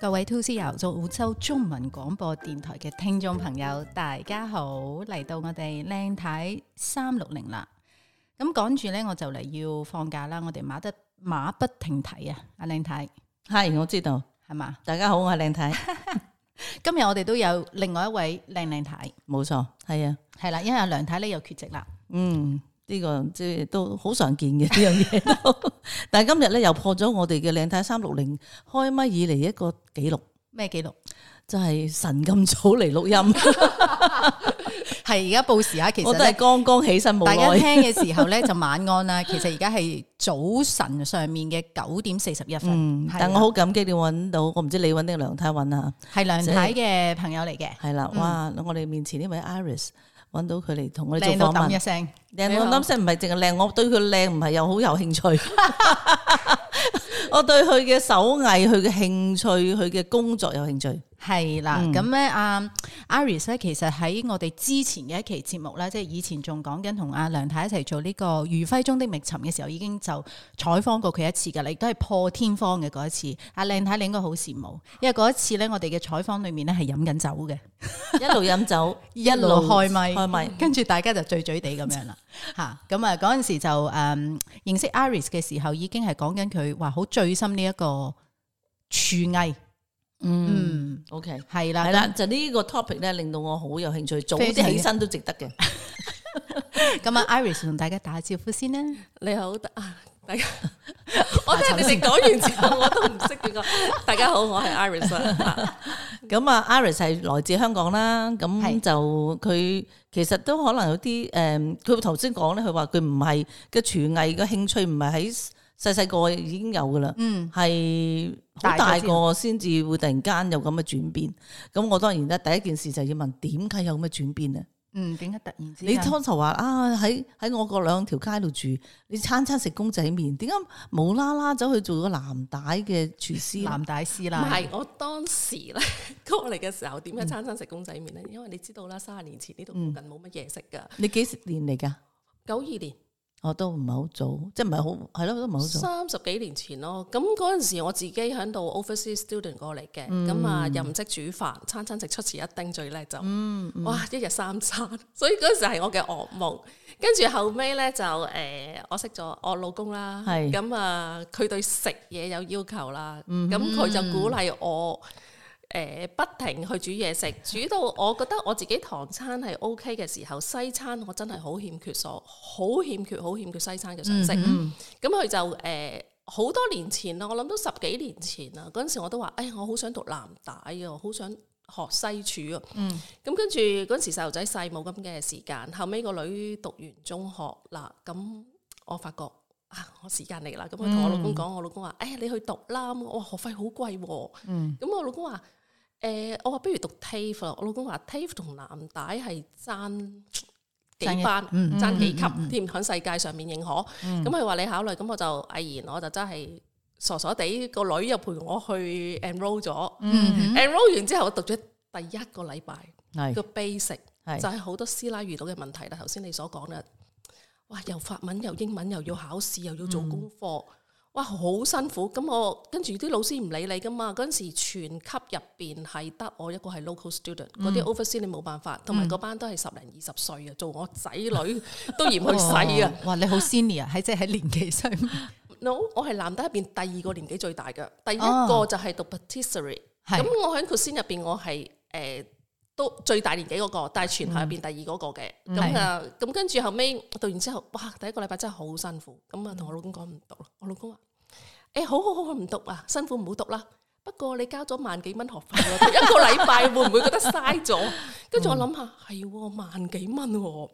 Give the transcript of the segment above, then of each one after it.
各位 To s i 做澳洲中文廣播電台嘅聽眾朋友，大家好，嚟到我哋靚太三六零啦。咁趕住呢，我就嚟要放假啦。我哋馬得馬不停蹄啊，阿靚太，係我知道，係嘛吧？大家好，我係靚太。 今日我哋都有另外一位靚靚太，太錯，冇錯，係啊，係啦，因為阿梁太咧又缺席啦。嗯，呢、這個即係都好常見嘅呢樣嘢， 但係今日咧又破咗我哋嘅靚太三六零開咪以嚟一個紀錄，咩紀錄？就係神咁早嚟錄音。 係而家報時啊，其實我都係剛剛起身，大家聽嘅時候咧就晚安啦。其實而家係早晨上面嘅九點四十一分。嗯，但我好感激你揾到，我唔知你揾定梁太揾？啊，係梁太嘅朋友嚟嘅。係啦，哇！我哋面前呢位 Iris 揾到佢嚟同我哋做訪問。靚到掹一聲，靚到掹聲唔係淨係靚，我對佢靚唔係又好有興趣。F son ul muitas 我對佢嘅手藝、佢嘅興趣、佢嘅工作有興趣，嗯啊、係、啊、啦。咁咧，阿 Iris 咧，其實喺我哋之前嘅一期節目咧，即係以前仲講緊同阿梁太一齊做呢個《餘暉中的覓尋》嘅時候，已經就採訪過佢一次噶啦，亦都係破天荒嘅嗰一次。阿、啊、靚太，你應該好羨慕，因為嗰一次咧，我哋嘅採訪裏面咧係飲緊酒嘅，一路飲酒一路開咪開咪，跟住、嗯嗯、大家就醉醉地咁樣啦。吓，咁啊，嗰陣時就誒、嗯、認識 Iris 嘅時候，已經係講緊佢。話好醉心呢一個廚藝，嗯，OK，係啦係啦，就呢個 topic 咧，令到我好有興趣，早起身都值得嘅。咁啊 Iris 同大家打下招呼先啦，你好得啊，大家，我聽你先講完之後我都唔識點講。大家好，我係 Iris。咁啊，Iris 係來自香港啦，咁就佢其實都可能有啲誒，佢頭先講咧，佢話佢唔係嘅廚藝嘅興趣唔係喺。細細個已經有噶啦，係好、嗯、大個先至會突然間有咁嘅轉變。咁、嗯、我當然咧，第一件事就要問點解有咁嘅轉變咧？嗯，點解突然之間你？你初才話啊喺喺我嗰兩條街度住，你餐餐食公仔麵，點解冇啦啦走去做個藍帶嘅廚師藍帶師啦？唔係， 我當時咧過嚟嘅時候，點解餐餐食公仔麵咧？嗯、因為你知道啦，三十年前呢度附近冇乜嘢食噶、嗯。你幾十年嚟噶？九二年。我都唔係好早，即係唔係好係咯，都唔係好早。三十幾年前咯，咁嗰陣時我自己喺度 overseas student 過嚟嘅，咁啊、嗯，又唔、嗯、識煮飯，餐餐食出前一丁最叻就，嗯嗯、哇，一日三餐，所以嗰陣時係我嘅噩夢。跟住後尾呢，就、呃、誒，我識咗我老公啦，咁啊是，佢對食嘢有要求啦，咁、嗯、佢、嗯、就鼓勵我。誒、呃，不停去煮嘢食，煮到我覺得我自己唐餐係 O K 嘅時候，西餐我真係好欠缺所，好欠缺，好欠缺西餐嘅嘗識。咁佢、mm hmm. 就誒好、呃、多年前啦，我諗到十幾年前啦，嗰陣時我都話，哎，我好想讀藍帶啊，好想學西廚啊。咁跟住嗰陣時細路仔細，冇咁嘅時間。後尾個女讀完中學啦，咁我發覺啊，我時間嚟啦。咁我同我老公講，mm hmm. 我老公話，誒，你去讀啦。我話學費好貴啊。嗯、mm。咁、hmm. 我老公話。誒、呃，我話不如讀 TAFE，我老公話 TAFE 同藍帶係爭幾班，爭意幾級添，響、嗯嗯嗯、世界上面認可。咁佢話你考慮，咁我就毅然，我就真係傻傻地，個女又陪我去 enroll 咗。enroll、嗯嗯、完之後，我讀咗第一個禮拜，係是個 basic，是就係好多師奶遇到嘅問題啦。頭先你所講嘅，哇，又法文又英文，又要考試，又要做功課。哇，好辛苦！咁我跟住啲老師唔理你㗎嘛？嗰陣時全級入邊係得我一個係 local student，嗰啲、嗯、over 先你冇辦法，同埋嗰班都係十零二十歲啊，做我仔女 都嫌佢細啊！哇，你好 senior 喺即係年紀、啊、 上 no，我係男仔入邊第二個年紀最大嘅，第一個就係讀 patisserie。咁我喺 cuisine 先入邊我係誒、呃、都最大年紀嗰、嗰個，但係全校入邊第二嗰個嘅。咁啊咁跟住後尾，讀完之後，哇！第一個禮拜真係好辛苦，咁啊同我老公講唔讀咯，我老公話。誒、欸，好好好，唔讀啊，辛苦唔好讀啦。不過你交咗萬幾蚊學費， 一個禮拜會唔會覺得嘥咗、 哦？跟住我諗下，係萬幾蚊喎，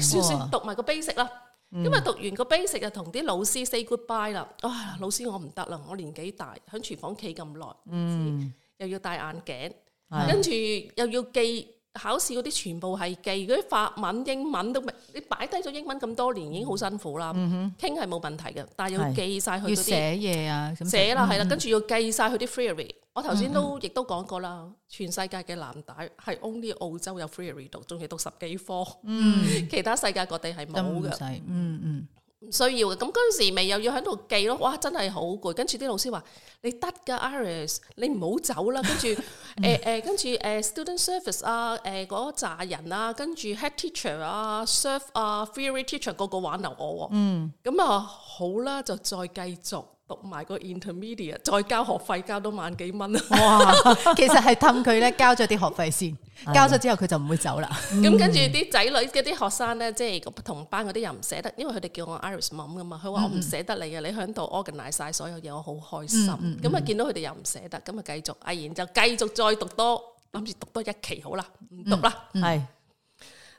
誒，算算讀埋個 basic 啦。因為讀完個 basic 就同啲老師 say goodbye 啦。啊，老師我唔得啦，我年紀大，喺廚房企咁耐，嗯，又要戴眼鏡，嗯、跟住又要記。考試嗰啲全部係記，嗰啲法文、英文都未。你擺低咗英文咁多年已經好辛苦啦。傾係冇問題嘅，但係要記晒佢啲寫嘢啊，寫啦係啦，跟住要記晒佢啲 theory。我頭先都亦都講過啦，嗯、哼全世界嘅藍帶係 only 澳洲有 theory 讀，仲要讀十幾科，嗯、其他世界各地係冇嘅。嗯嗯。唔需要嘅，咁嗰陣時咪又要喺度記咯，哇！真係好攰。跟住啲老師話：你得㗎，Iris，你唔好走啦。跟住誒誒，跟住誒 Student Service 啊，誒嗰扎人啊，跟住 head teacher 啊，serve 啊, theory teacher 個個挽留我喎。嗯。咁啊、嗯，好啦，就再繼續。讀埋個 intermediate，再交學費，交多萬幾蚊啊！哇，其實係氹佢咧，交咗啲學費先，交咗之後佢就唔會走啦。咁跟住啲仔女嗰啲學生咧，即係同班嗰啲又唔捨得，因為佢哋叫我 irisMom 噶嘛。佢話我唔捨得你啊，你喺度 organize 晒所有嘢，我好開心。咁啊見到佢哋又唔捨得，咁啊繼續阿賢就繼續再讀多，諗住讀多一期好啦，唔讀啦，係，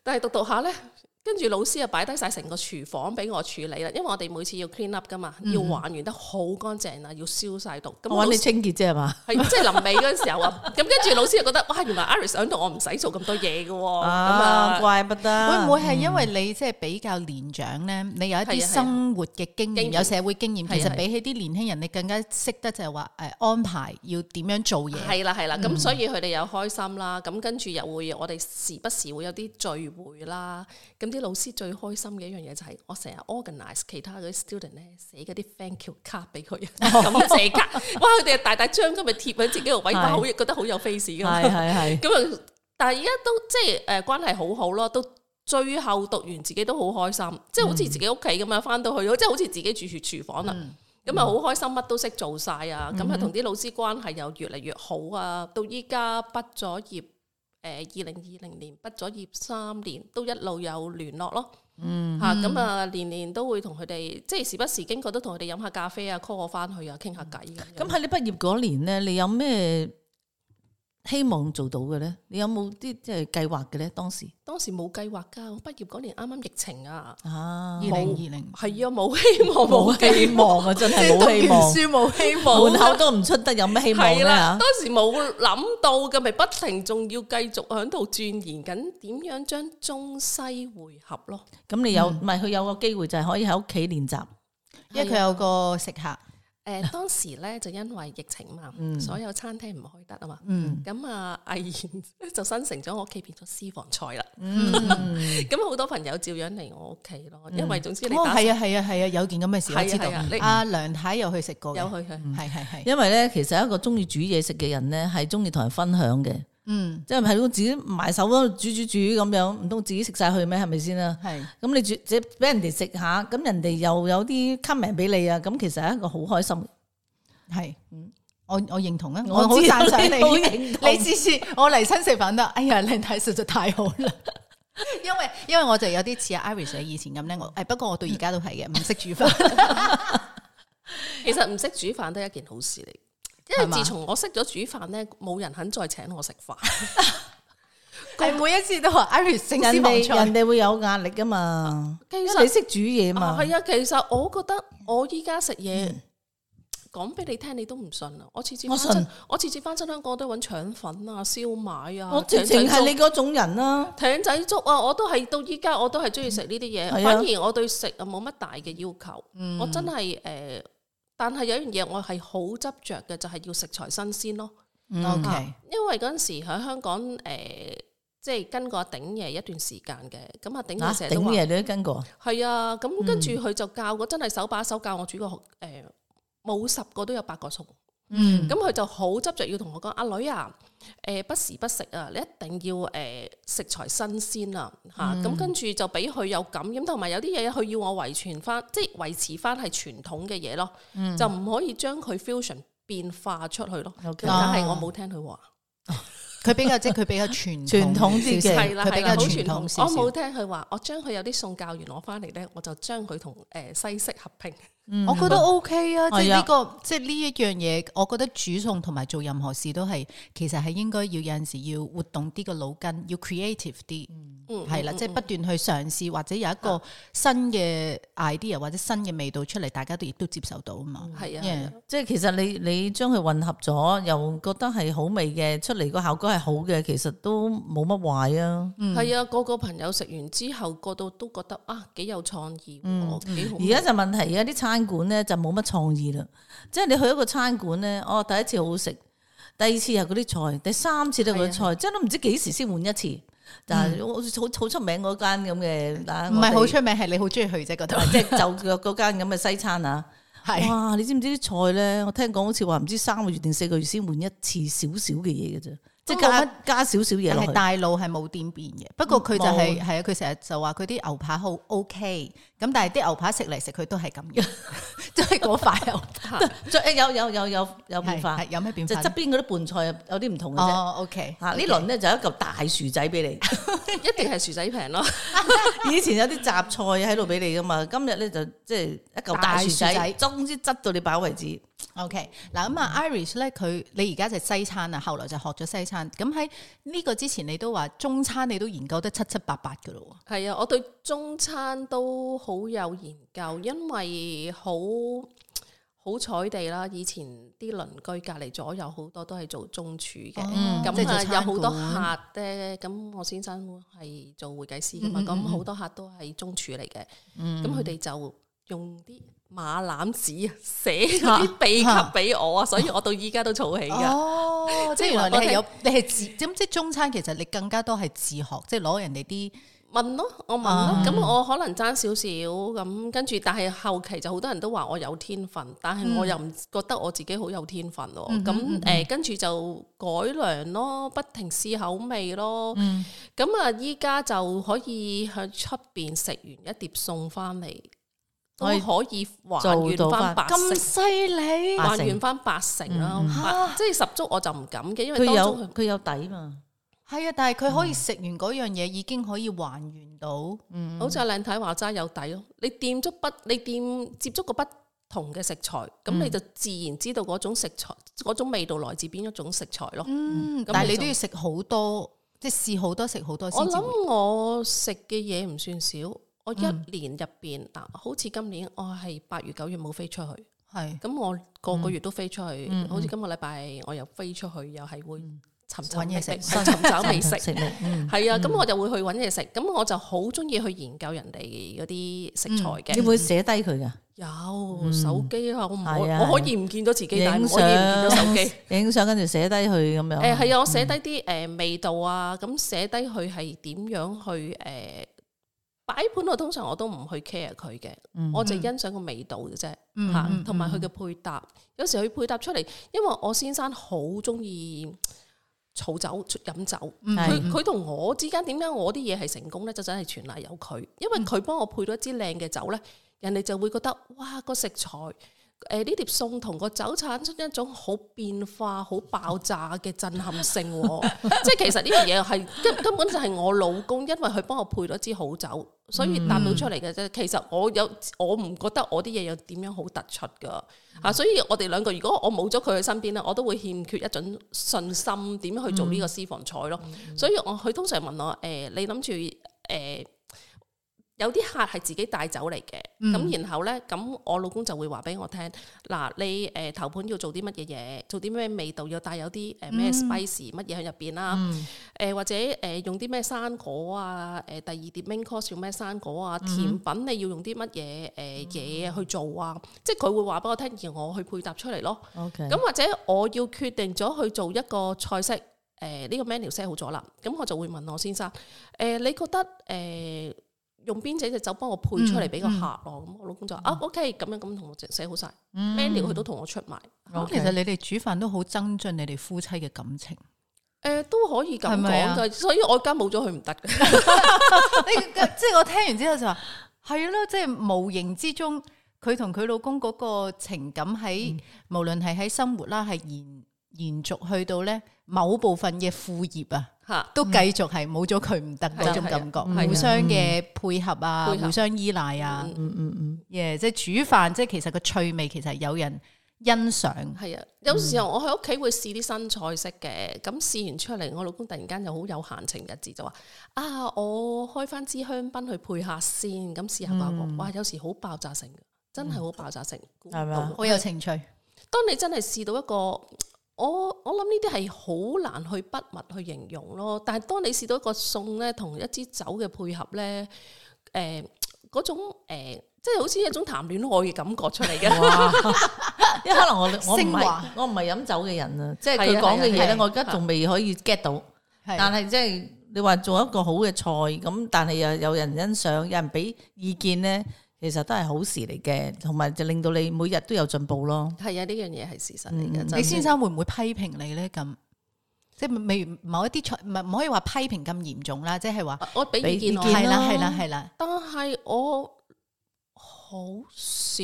但係讀讀下咧。跟住老師啊，擺低晒成個廚房俾我處理啦，因為我哋每次要 clean up 噶嘛，要還原得好乾淨啦，要消晒毒。我搵你清潔啫嘛，係即係臨尾嗰陣時候啊。咁跟住老師就覺得，哇，原來 Aris 響度 Iris 想同，我唔使做咁多嘢噶。咁啊，怪不得。會唔會係因為你即係比較年長咧？你有一啲生活嘅經驗，有社會經驗，其實比起啲年輕人，你更加識得就係話誒安排要點樣做嘢。係啦係啦。咁所以佢哋又開心啦。咁跟住又會我哋時不時會有啲聚會啦。咁啲。老師最開心嘅一樣嘢就係，我成日 organize 其他嗰啲 student 咧，寫嗰啲 thank you 卡俾佢，咁寫卡，oh、哇，佢哋係大大張咁，咪貼喺自己個位，咁好，覺得好有 face 嘅。咁啊，但係而家都即係誒關係好好咯，到最後讀完自己都好開心，即係、嗯、好似自己屋企咁樣，翻到去，即、就、係、是、好似自己住住廚房啦，咁啊好開心，乜都識做晒啊，咁啊同啲老師關係又越嚟越好啊，到依家畢咗業。誒，二零二零年畢咗業三年，都一路有聯絡咯。嗯，吓咁啊，年年都會同佢哋，即係時不時經過都同佢哋飲下咖啡啊，call 我翻去啊，傾下偈咁。咁喺、嗯、樣你畢業嗰年咧，你有咩？希望做到嘅咧，你有冇啲即係計劃嘅咧？當時當時冇計劃噶，我畢業嗰年啱啱疫情啊，二零二零係啊，冇希望，冇希望啊，真係讀完書冇希望，門口都唔出得，有咩希望咧？當時冇諗到嘅，咪不停仲要繼續喺度鑽研緊，點樣將中西匯合咯？咁你有咪佢有個機會就係可以喺屋企練習，因為佢有個食客。誒，當時咧就因為疫情嘛，所有餐廳唔開得啊嘛，咁啊，毅然就新成咗我屋企變咗私房菜啦。咁好多朋友照樣嚟我屋企咯，因為總之你打係啊係啊係啊，有件咁嘅事我知道。阿梁太又去食過，有去去，係係係。因為咧，其實一個中意煮嘢食嘅人咧，係中意同人分享嘅。嗯，即係喺都自己埋手喺煮煮煮咁樣，唔通自己食晒去咩？係咪先啦？係是，咁你煮即俾人哋食下，咁人哋又有啲 comment 俾你啊！咁其實係一個好開心嘅，係，我我認同啊，我好讚賞你，你試試，我嚟親食飯啦，哎呀，靚仔實在太好啦， 因為因為我就有啲似阿 Iris 以前咁咧，我誒，不過我到而家都係嘅，唔識、嗯、煮飯， 其實唔識煮飯都係一件好事嚟。因為自從我識咗煮飯咧，冇人肯再請我食飯。佢每一次都話，Iris，人哋人哋會有壓力噶嘛？其實你識煮嘢嘛？係啊，其實我覺得我依家食嘢，講俾你聽，你都唔信啊！我次次返，我次次返香港，都揾腸粉啊、燒賣啊。我直情係你嗰種人啊。艇仔粥啊，我都係到依家，我都係中意食呢啲嘢。反而我對食啊冇乜大嘅要求。我真係誒。但係有一樣嘢我係好執着嘅，就係、是、要食材新鮮咯。O Okay . K，、啊、因為嗰陣時喺香港，誒、呃，即係跟過阿鼎爺一段時間嘅，咁阿鼎爺成日都話，係啊，咁跟住佢、啊、就教我、嗯、真係手把手教我煮個，誒、呃，冇十個都有八個餸。嗯，咁佢就好執着要同我講阿女啊，誒、呃、不時不食啊，你一定要誒、呃、食材新鮮、嗯、啊，嚇！咁跟住就俾佢有感染，咁同埋有啲嘢佢要我維傳翻，即係維持翻係傳統嘅嘢咯，嗯、就唔可以將佢 fusion 變化出去咯。okay. 但係我冇聽佢話、哦，佢、哦、比較 即佢比較傳傳統啲嘅，佢比較傳統。我冇聽佢話，我將佢有啲餸教完攞翻嚟咧，我就將佢同誒西式合拼。我覺得 OK 啊，即係呢個，即係呢一樣嘢。我覺得煮餸同埋做任何事都係，其實係應該要有陣時要活動啲個腦筋，要 creative 啲，係啦，即係不斷去嘗試或者有一個新嘅 idea 或者新嘅味道出嚟，大家都亦都接受到啊嘛。係啊，即係其實你你將佢混合咗，又覺得係好味嘅，出嚟個效果係好嘅，其實都冇乜壞啊。係啊，個個朋友食完之後個度都覺得啊幾有創意，幾好。而家就問題而家啲餐館咧，就冇乜創意啦，即係你去一個餐館咧，哦，第一次好好食，第二次係嗰啲菜，第三次都係嗰啲菜，的即係都唔知幾時先換一次。嗯、就係好好好出名嗰間咁嘅，唔係好出名，係們你好中意去啫，覺得即係就嗰嗰間咁嘅西餐啊。係 哇，你知唔知啲菜咧？我聽講好似話唔知三個月定四個月先換一次少少嘅嘢嘅啫。即加加少少嘢落去，係大路係冇點變嘅。不過佢就係係啊，佢成日就話佢啲牛扒好 OK，咁但係啲牛扒食嚟食去都係咁樣，即係嗰塊牛 有有有有有變化，有咩變化？側邊嗰啲拌菜有啲唔同嘅啫。哦，OK，吓呢輪咧就一嚿大薯仔俾你， 一定係薯仔平咯。 以前有啲雜菜喺度俾你噶嘛，今日咧就即係一嚿大薯仔，薯仔 總之執到你飽為止。O K，嗱咁啊 Iris 咧佢你而家就係西餐啊，後來就學咗西餐。咁喺呢個之前，你都話中餐你都研究得七七八八噶咯。係啊，我對中餐都好有研究，因為好好彩地啦，以前啲鄰居隔籬左右好多都係做中廚嘅，咁啊、哦嗯、有好多客咧。咁、嗯、我先生係做會計師噶嘛，咁好、嗯嗯、多客都係中廚嚟嘅。咁佢哋就。用啲馬籃紙寫啲秘笈俾我啊，所以我到依家都儲起㗎。哦， 即係話你係有聽你係自咁，即係中餐，其實你更加多係自學，即係攞人哋啲問咯，我問咯。咁、嗯、我可能爭少少咁，跟住但係後期就好多人都話我有天分，但係我又唔覺得我自己好有天分咯。咁誒，跟住就改良咯，不停試口味咯。咁啊、嗯，依家、嗯、就可以向出邊食完一碟餸，翻嚟。我可以還原翻咁犀利，還原翻八成啦，即係十足，我就唔敢嘅，因為當中佢有，有底嘛。係啊，但係佢可以食完嗰樣嘢，嗯、已經可以還原到。嗯、好似阿靚太話齋有底咯。你掂足不？你掂接觸個不同嘅食材，咁、嗯、你就自然知道嗰種食材嗰種味道來自邊一種食材咯。嗯、但係你都要食好多，即係試好多，食好多先至。我諗我食嘅嘢唔算少。我一年入邊嗱，好似今年我係八月九月冇飛出去，係咁我個個月都飛出去。好似今個禮拜我又飛出去，又係會尋找嘢食，尋找美食。係啊，咁我就會去搵嘢食。咁我就好中意去研究人哋嗰啲食材嘅，你會寫低佢噶。有手機啊，我唔我可以唔見到自己，影相，但唔可以唔見到手機，影相跟住寫低佢。咁樣。誒，係啊，我寫低啲誒味道啊，咁寫低佢係點樣去誒。擺盤我通常我都唔去 care 佢嘅，嗯、我就欣賞個味道嘅啫，吓、嗯，同埋佢嘅配搭。嗯嗯、有時佢配搭出嚟，因為我先生好中意嘈酒飲酒，佢佢同我之間點解我啲嘢係成功咧？就真、是、係全賴有佢，因為佢幫我配到一支靚嘅酒咧，嗯、人哋就會覺得哇個食材。誒，呢碟餸同個酒產出一種好變化、好爆炸嘅震撼性，即係 其實呢樣嘢係根根本就係我老公，因為佢幫我配咗支好酒，嗯、所以彈到出嚟嘅啫。其實我有我唔覺得我啲嘢有點樣好突出噶吓、嗯啊，所以我哋兩個如果我冇咗佢喺身邊咧，我都會欠缺一種信心，點樣去做呢個私房菜咯。嗯嗯、所以我佢通常問我誒、呃，你諗住誒？呃有啲客係自己帶酒嚟嘅，咁然後呢，咁我老公就會話俾我聽，嗱，你誒頭盤要做啲乜嘢嘢，做啲咩味道，要帶有啲誒咩 spice，乜嘢喺入邊啦？誒或者誒用啲咩生果啊？誒第二碟 main course 用咩生果啊？甜品你要用啲乜嘢誒嘢去做啊？即係佢會話俾我聽，而我去配搭出嚟咯。咁或者我要決定咗去做一個菜式，誒呢個 menu set 好咗啦，咁我就會問我先生，誒你覺得誒？用邊隻隻酒幫我配出嚟俾個客咯，咁我、嗯、老公就、嗯、啊 OK 咁樣咁同我寫好晒 menu 佢都同我出埋。嗯、其實你哋煮飯都好增進你哋夫妻嘅感情。誒、嗯，都可以咁講吧，所以我而家冇咗佢唔得嘅。即係我聽完之後就話係咯，即係無形之中佢同佢老公嗰個情感喺、嗯、無論係喺生活啦，係延延續去到咧某部分嘅副業啊。都繼續係冇咗佢唔得嗰種感覺，互相嘅配合啊，互相依賴啊，嗯嗯嗯，耶！即係煮飯，即係其實個趣味其實有人欣賞。係啊，有時候我喺屋企會試啲新菜式嘅，咁試完出嚟，我老公突然間又好有閒情逸致，就話：啊，我開翻支香檳去配下先，咁試下下，哇！有時好爆炸性，真係好爆炸性，係好有情趣。當你真係試到一個。我我諗呢啲係好難去筆墨去形容咯，但係當你試到一個餸咧同一支酒嘅配合咧，誒、呃、嗰種誒、呃、即係好似一種談戀愛嘅感覺出嚟嘅哇， 因為可能我我唔係華我唔係飲酒嘅人啊，即係佢講嘅嘢咧，我而家仲未可以 get 到，啊啊啊啊、但係即係你話做一個好嘅菜咁，但係又有人欣賞，有人俾意見咧。其實都係好事嚟嘅，同埋就令到你每日都有進步咯。係啊，呢樣嘢係事實嚟嘅。你先生會唔會批評你咧？咁即係未某一啲錯，唔係唔可以話批評咁嚴重啦。即係話我俾意見，係啦，係啦，係啦。但係我好少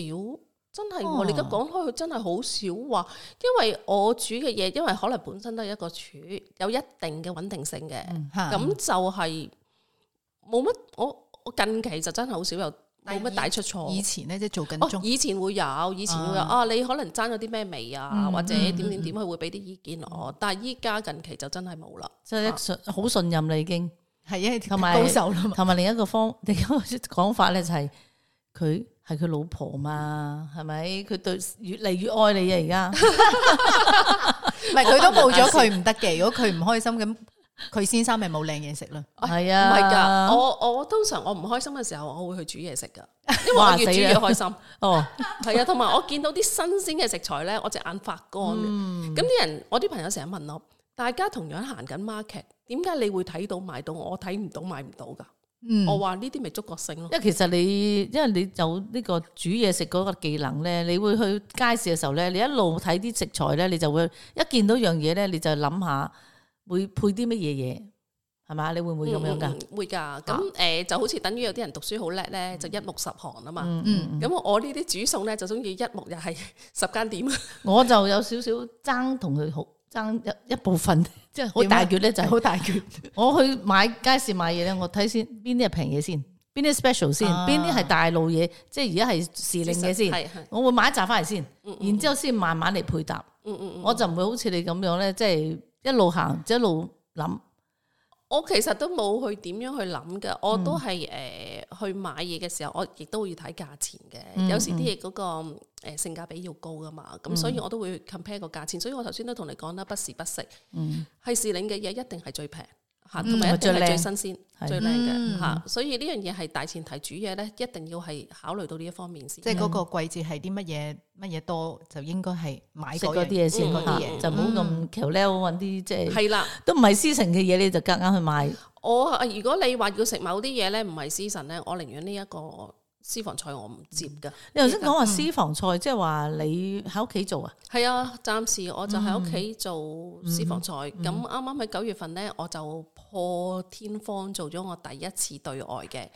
真係，我而家講開，佢真係好少話，因為我煮嘅嘢，因為可能本身都係一個廚，有一定嘅穩定性嘅，咁就係冇乜。我我近期就真係好少有。冇乜大出錯，以前咧，即係做緊，以前會有，以前會有啊！你可能爭咗啲咩味啊，或者點點點啊，會俾啲意見我。但係依家近期就真係冇啦，即係好信任啦，已經係啊，同埋同埋另一個方，另一個講法咧，就係佢係佢老婆嘛，係咪？佢對越嚟越愛你啊！而家唔係佢都報咗，佢唔得嘅。如果佢唔開心咁。佢先生咪冇靚嘢食咯，係啊、哎，唔係噶，我我通常我唔開心嘅時候，我會去煮嘢食噶，因為我越煮越開心。哦，係啊，同埋 我見到啲新鮮嘅食材咧，我隻眼發光嘅。咁啲、嗯、人，我啲朋友成日問我，大家同樣行緊 market，點解你會睇到買到，我睇唔到買唔到噶？嗯、我話呢啲咪觸覺性咯。因為其實你，因為你有呢個煮嘢食嗰個技能咧，你會去街市嘅時候咧，你一路睇啲食材咧，你就會一見到樣嘢咧，你就諗下，會配啲乜嘢嘢？係嘛？你會唔會咁樣噶？會噶咁誒，就好似等於有啲人讀書好叻咧，就一目十行啊嘛。嗯，咁我呢啲煮餸咧，就中意一目又係十間店。我就有少少爭同佢好爭一一部分，即係好大橛咧，就係好大橛。我去買街市買嘢咧，我睇先邊啲係平嘢先，邊啲 special 先，邊啲係大路嘢，即係而家係時令嘢先。係係。我會買一紮翻嚟先，然之後先慢慢嚟配搭。我就唔會好似你咁樣咧，即係。一路行，一路諗。我其實都冇去點樣去諗噶，嗯、我都係誒、呃、去買嘢嘅時候，我亦都會要睇價錢嘅。嗯嗯，有時啲嘢嗰個誒、呃、性價比要高噶嘛，咁、嗯、所以我都會 compare 個價錢。所以我頭先都同你講啦，不時不食，係、嗯、時令嘅嘢一定係最平。同埋一定係最新鮮、最靚嘅嚇，所以呢樣嘢係大前提，煮嘢咧一定要係考慮到呢一方面先。即係嗰個季節係啲乜嘢乜嘢多，就應該係買多啲嘢先。嚇，就唔好咁 chill 揾啲即係。係啦，都唔係 season 嘅嘢，你就夾硬去買。我啊，如果你話要食某啲嘢咧，唔係 season 咧，我寧願呢一個私房菜我唔接㗎。你頭先講話私房菜，即係話你喺屋企做啊？係啊，暫時我就喺屋企做私房菜。咁啱啱喺九月份咧，我就。我破天荒做咗我第一次對外嘅，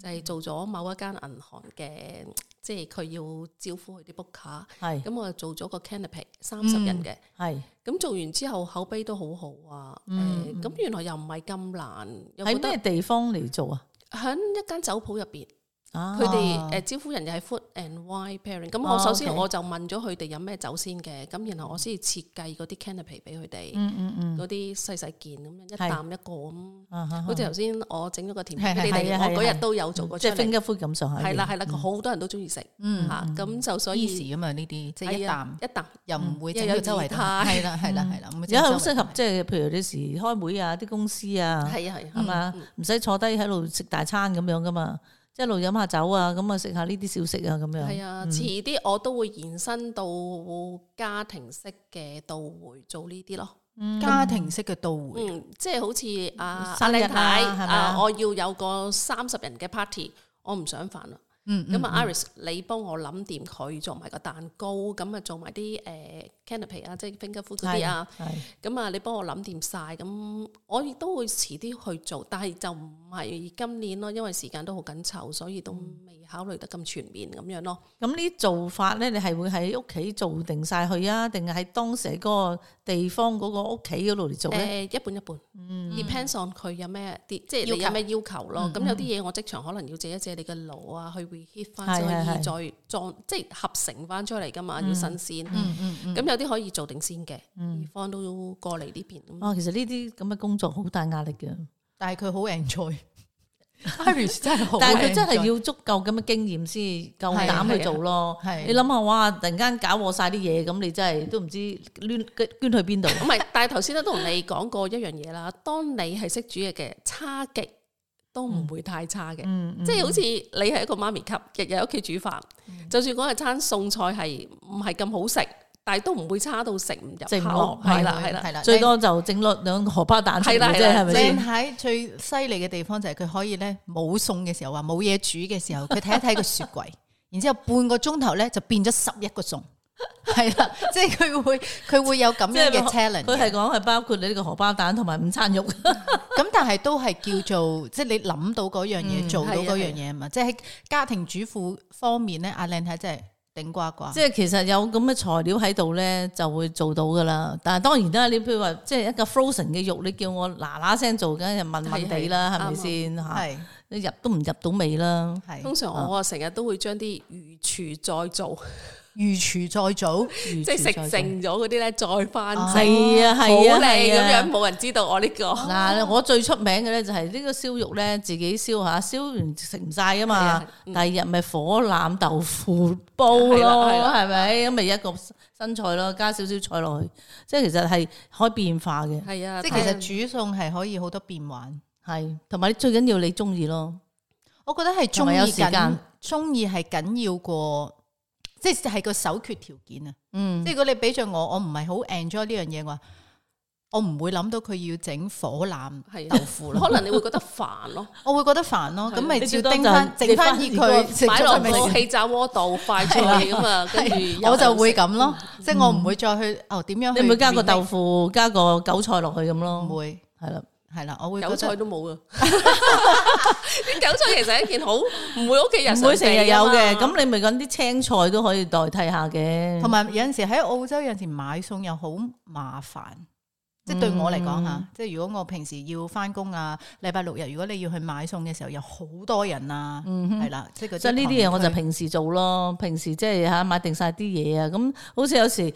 就係、是、做咗某一間銀行嘅，即係佢要招呼佢啲 book 卡，係咁是我就做咗個 canopy，三十人嘅，係咁、嗯、做完之後口碑都好好啊，咁、嗯呃、原來又唔係咁難。喺咩地方嚟做啊？喺、嗯、一間酒鋪入邊。佢哋誒招呼人又係 food and wine pairing，咁我首先我就問咗佢哋飲咩酒先嘅，咁然後我先設計嗰啲 canapé 俾佢哋，嗰啲細細件咁一啖一個咁，好似頭先我整咗個甜品，畀佢哋，我嗰日都有做過，即係冰一灰咁上去。係啦係啦，好多人都中意食，嚇咁就所以 easy 呢啲，即係一啖一啖，又唔會整到周圍太，係啦係啦係啦，而且好適合即係譬如有時開會啊，啲公司啊，係啊係，係嘛，唔使坐低喺度食大餐咁樣噶嘛。一路飲下酒啊，咁啊食下呢啲小食啊，咁、嗯、樣。係啊，遲啲我都會延伸到家庭式嘅到會做呢啲咯。家庭式嘅到會，嗯，即係好似阿沙靚仔，啊，我要有個三十人嘅 party，我唔想煩啦。咁啊，Iris，你幫我諗掂佢做埋個蛋糕，咁啊做埋啲誒 canopy 啊，即係 finger food 嗰啲啊，咁啊你幫我諗掂晒，咁、嗯、我亦都會遲啲去做，但係就唔係今年咯，因為時間都好緊湊，所以都未考慮得咁全面咁樣咯。咁呢啲做法咧，你係會喺屋企做定晒佢啊，定係喺當時喺嗰個地方嗰個屋企嗰度嚟做咧、呃？一半一半、嗯、depends on 佢有咩啲，即係你有咩要求咯。咁、嗯嗯、有啲嘢我即場可能要借一借你嘅腦啊，去。翻先再裝，即係合成翻出嚟噶嘛？嗯、要新鮮、嗯。嗯咁、嗯、有啲可以做定先嘅，嗯、方都過嚟呢邊。哦，其實呢啲咁嘅工作好大壓力嘅，但係佢好 enjoy。 Iris 真係但係佢真係要足夠咁嘅經驗先夠膽去做咯。啊、你諗下，哇！突然間搞我晒啲嘢，咁你真係都唔知捐，捐去邊度？唔係， 但係頭先咧都同你講過一樣嘢啦。當你係識煮嘢嘅，差極。 都唔會太差嘅，即係好似你係一個媽咪級，日日屋企煮飯，嗯、就算嗰日餐餸菜係唔係咁好食，但係都唔會差到食唔入口。係啦係啦係啦，對最多就整落兩個荷包蛋咁啫，係咪先？正喺最犀利嘅地方就係、是、佢可以咧冇餸嘅時候啊，冇嘢煮嘅時候，佢睇一睇個雪櫃， 然之後半個鐘頭咧就變咗十一個餸。係啦，即係佢會佢會有咁樣嘅 challenge。佢係講係包括你呢個荷包蛋同埋午餐肉，咁但係都係叫做即係你諗到嗰樣嘢，做到嗰樣嘢啊嘛。即係家庭主婦方面咧，阿靚太真係頂呱呱。即係其實有咁嘅材料喺度咧，就會做到噶啦。但係當然啦，你譬如話即係一個 frozen 嘅肉，你叫我嗱嗱聲做，梗就問你哋啦，係咪先吓？係你入都唔入到味啦。係通常我成日都會將啲魚廚再做。如廚再早，即係食剩咗嗰啲咧，再翻。係啊，係啊，咁樣冇人知道我呢個。嗱，我最出名嘅咧就係呢個燒肉咧，自己燒下，燒完食唔晒啊嘛。第二日咪火腩豆腐煲咯，係咪？咁咪一個新菜咯，加少少菜落去，即係其實係可以變化嘅。係啊，即係其實煮餸係可以好多變幻，係同埋你最緊要你中意咯。我覺得係中意，時間，中意係緊要過。即係個首決條件啊！即係如果你畀着我，我唔係好 enjoy 呢樣嘢嘅話，我唔會諗到佢要整火腩豆腐，可能你會覺得煩咯， 我會覺得煩咯，咁咪照叮翻，整翻熱佢，擺落個氣炸鍋度快脆咁啊！跟住的我就會咁咯， 嗯、即係我唔會再去哦，點樣？你唔會加個豆腐，加個韭菜落去咁咯？唔會，係啦。係啦，我會韭菜都冇啊！啲 韭菜其實一件好唔會屋企人唔會成日有嘅，咁你咪講啲青菜都可以代替下嘅。同埋有陣時喺澳洲，有陣時買餸又好麻煩。即係對我嚟講嚇，即係如果我平時要翻工啊，禮拜六日如果你要去買餸嘅時候，有好多人啊，係啦，即即係呢啲嘢我就平時做咯，平時即係嚇買定晒啲嘢啊。咁好似有時譬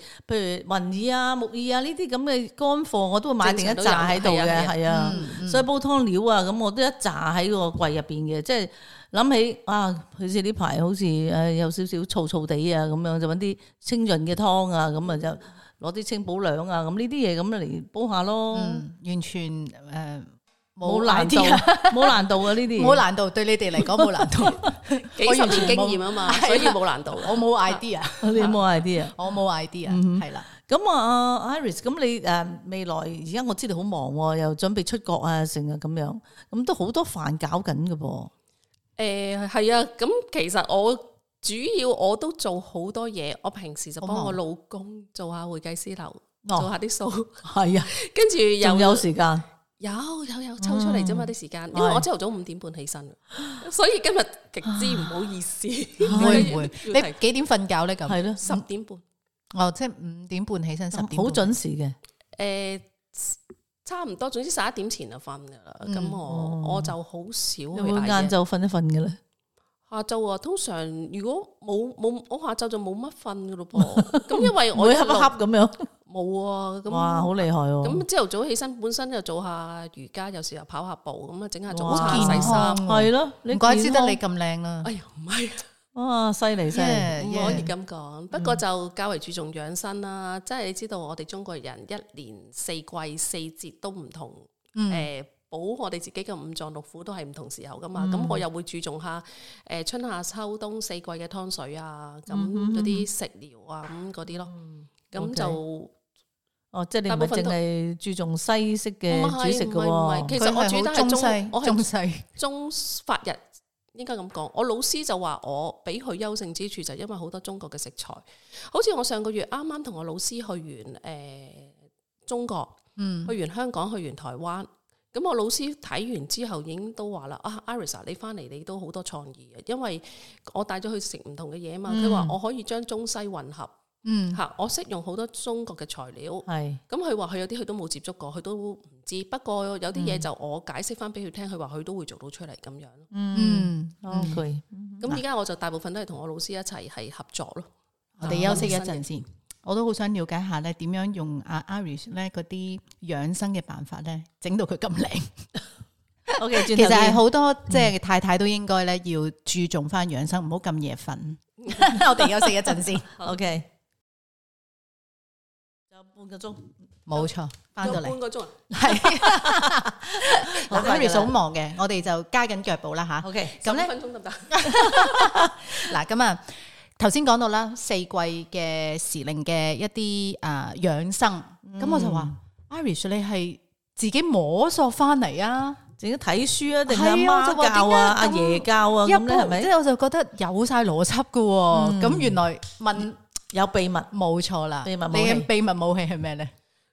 如雲耳啊、木耳啊呢啲咁嘅乾貨，我都會買定一紮喺度嘅，係啊。所以煲湯料啊，咁我都一紮喺個櫃入邊嘅。即係諗起啊，好似呢排好似誒有少少燥燥地啊，咁樣就揾啲清潤嘅湯啊，咁啊就。攞啲清補涼啊，咁呢啲嘢咁嚟煲下咯，嗯、完全誒冇、呃、難度，冇難度啊呢啲冇難度，對你哋嚟講冇難度，幾十年經驗啊嘛， 所以冇難度，我冇 idea，你冇 idea，我冇 idea，係啦。咁啊，Iris，咁你誒未來而家我知道好忙喎，又準備出國啊，成日咁樣，咁都好多煩搞緊嘅噃。誒、嗯，係啊，咁其實我。主要我都做好多嘢，我平時就幫我老公做下會計師樓，做下啲數。係啊，跟住又有時間，有有有抽出嚟啫嘛啲時間。因為我朝頭早五點半起身，所以今日極之唔好意思。開會，你幾點瞓覺咧？咁係咯，十點半。哦，即係五點半起身，十點好準時嘅。誒，差唔多，總之十一點前就瞓噶啦。咁我我就好少晏晝瞓一瞓噶啦。下晝啊，通常如果冇冇，我下晝就冇乜瞓，噶咯噃。咁因為我會瞌一瞌咁樣，冇啊。咁哇，好厲害哦！咁朝頭早起身，本身又做下瑜伽，有時候跑下步，咁啊，整下做下洗衫。係咯，你怪知得你咁靚啦。哎呀，唔係，哇，犀利啫，可以咁講。不過就較為注重養生啦，即係你知道我哋中國人一年四季四節都唔同，誒。補我哋自己嘅五臟六腑都係唔同時候噶嘛，咁、嗯、我又會注重下誒、呃、春夏秋冬四季嘅湯水啊，咁嗰啲食療啊，咁嗰啲咯，咁、嗯、就、okay. 哦，即係你唔係淨係注重西式嘅主食噶。其實我煮得係中式，中西我係中法日應該咁講。中西笑我老師就話我畀佢優勝之處就係因為好多中國嘅食材，好似我上個月啱啱同我老師去完誒、呃、中國，去完香港，去完，去完台灣。咁我老師睇完之後已經都話啦，啊，Iris 啊，你翻嚟你都好多創意嘅，因為我帶咗佢食唔同嘅嘢啊嘛，佢話、嗯、我可以將中西混合，嗯，吓、啊、我識用好多中國嘅材料，係是，咁佢話佢有啲佢都冇接觸過，佢都唔知，不過有啲嘢、嗯、就我解釋翻俾佢聽，佢話佢都會做到出嚟咁樣，嗯，嗯，嗯，OK，咁而家我就大部分都係同我老師一齊係合作咯，嗯嗯、我哋休息一陣先。我都好想了解下咧，點樣用阿 Iris 咧嗰啲養生嘅辦法咧，整到佢咁靚。O K，其實好多即係太太都應該咧要注重翻養生，唔好咁夜瞓。我哋休息一陣先。O K，仲有半個鐘，冇錯，翻到嚟半個鐘，係。阿 Iris 好忙嘅，我哋就加緊腳步啦吓。O K，咁咧，嗱咁啊。頭先講到啦，四季嘅時令嘅一啲誒養生，咁我就話，Iris 你係自己摸索翻嚟啊，自己睇書啊，定阿媽教啊，阿爺教啊咁咧係咪？即係我就覺得有晒邏輯嘅，咁原來問有秘密冇錯啦？秘密武器秘密武器係咩咧？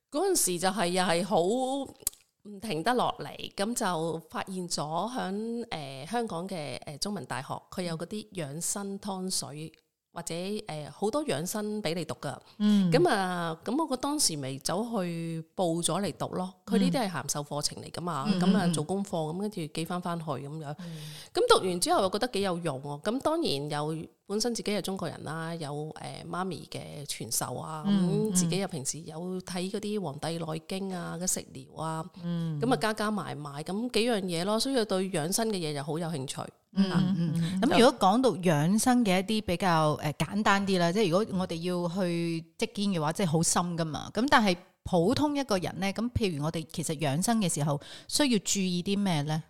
嗰陣時就係又係好唔停得落嚟，咁就發現咗響誒香港嘅誒中文大學，佢有嗰啲養生湯水。或者誒好、呃、多養生俾你讀噶，咁啊咁我個當時咪走去報咗嚟讀咯，佢呢啲係函授課程嚟噶嘛，咁啊做功課，咁跟住寄翻翻去咁樣，咁、嗯嗯、讀完之後又覺得幾有用喎，咁當然有。本身自己係中國人啦，有誒、呃、媽咪嘅傳授啊，咁、嗯嗯、自己又平時有睇嗰啲《黃帝內經》啊、嘅食療啊，咁啊、嗯、加加埋埋咁幾樣嘢咯，所以對養生嘅嘢就好有興趣。咁如果講到養生嘅一啲比較誒簡單啲啦，即係、嗯、如果我哋要去積建嘅話，即係好深噶嘛。咁但係普通一個人呢，咁譬如我哋其實養生嘅時候需要注意啲咩呢？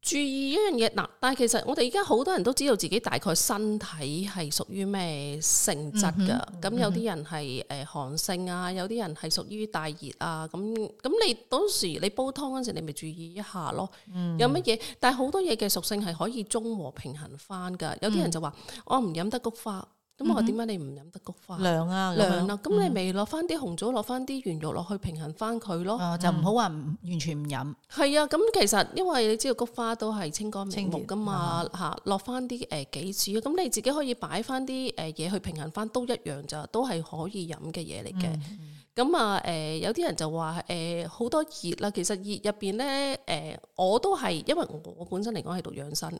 注意一樣嘢嗱，但係其實我哋而家好多人都知道自己大概身體係屬於咩性質噶，咁、嗯嗯、有啲人係誒寒性啊，有啲人係屬於大熱啊，咁咁你到時你煲湯嗰陣時，你咪注意一下咯，嗯、有乜嘢？但係好多嘢嘅屬性係可以中和平衡翻噶，有啲人就話、嗯、我唔飲得菊花。咁、嗯、我點解你唔飲得菊花？涼啊，涼啦、啊，咁、嗯、你咪落翻啲紅棗，落翻啲圓肉落去平衡翻佢咯。嗯啊、就唔好話完全唔飲。係、嗯、啊，咁其實因為你知道菊花都係清肝明目㗎嘛，嚇落翻啲誒杞子，咁、嗯呃、你自己可以擺翻啲誒嘢去平衡翻，都一樣就都係可以飲嘅嘢嚟嘅。咁、嗯嗯、啊誒、呃，有啲人就話誒好多熱啦，其實熱入邊咧誒，呃、我都係因為我本身嚟講係讀養生。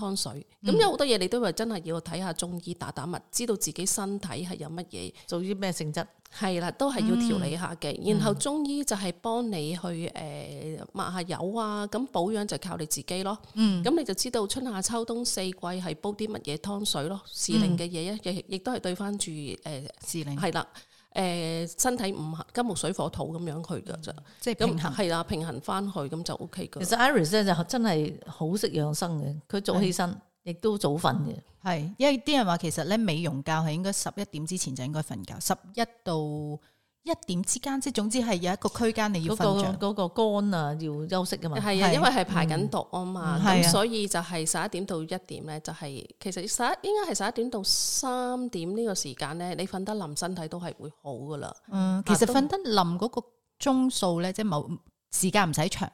湯水咁有好多嘢，你都話真係要睇下中醫打打脈，知道自己身體係有乜嘢，做啲咩性質，係啦，都係要調理下嘅。嗯、然後中醫就係幫你去誒、呃、抹下油啊，咁保養就靠你自己咯。嗯，咁你就知道春夏秋冬四季係煲啲乜嘢湯水咯，時令嘅嘢一嘅，亦都係對翻住誒時令係啦。呃林誒、呃、身體五行金木水火土咁樣去噶啫，即係，嗯嗯、平衡係啦，嗯、平衡翻去咁就 O K 嘅。其實 Iris 咧就真係好識養生嘅，佢早起身，亦都、嗯、早瞓嘅。係，因為啲人話其實咧美容覺係應該十一點之前就應該瞓覺，十一到。一點之間，即係總之係有一個區間，你要瞓着嗰、那個那個肝啊要休息噶嘛。係啊，因為係排緊毒啊嘛，咁、嗯、所以就係十一點到一點咧，的就係、是、其實十一應該係十一點到三點呢個時間咧，你瞓得冧，身體都係會好噶啦。嗯，其實瞓得冧嗰個鐘數咧，即係冇時間唔使長。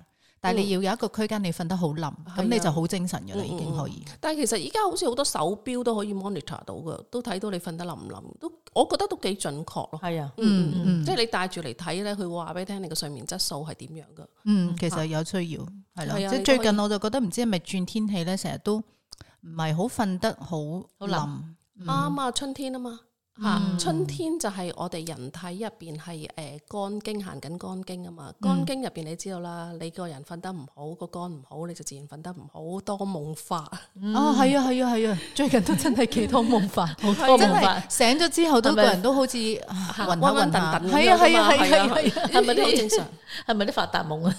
但係你要有一個區間，你瞓得好冧，咁你就好精神嘅啦。嗯、已經可以。但係其實依家好似好多手錶都可以 monitor 到噶，都睇到你瞓得冧唔冧，都我覺得都幾準確咯。係啊、嗯，嗯嗯、即係你帶住嚟睇咧，佢話俾你聽你個睡眠質素係點樣噶。嗯，其實有需要係啦，即係最近我就覺得唔知係咪轉天氣咧，成日都唔係好瞓得好好冧。啱啊，春天啊嘛。春天就係我哋人體入邊係誒肝經行緊肝經啊嘛，肝經入邊你知道啦，你個人瞓得唔好，個肝唔好，你就自然瞓得唔好，多夢法啊係啊係啊係啊，最近都真係幾多夢法，好多夢法，醒咗之後都個人都好似暈暈沌沌係啊係啊係係咪啲好正常？係咪啲發達夢啊？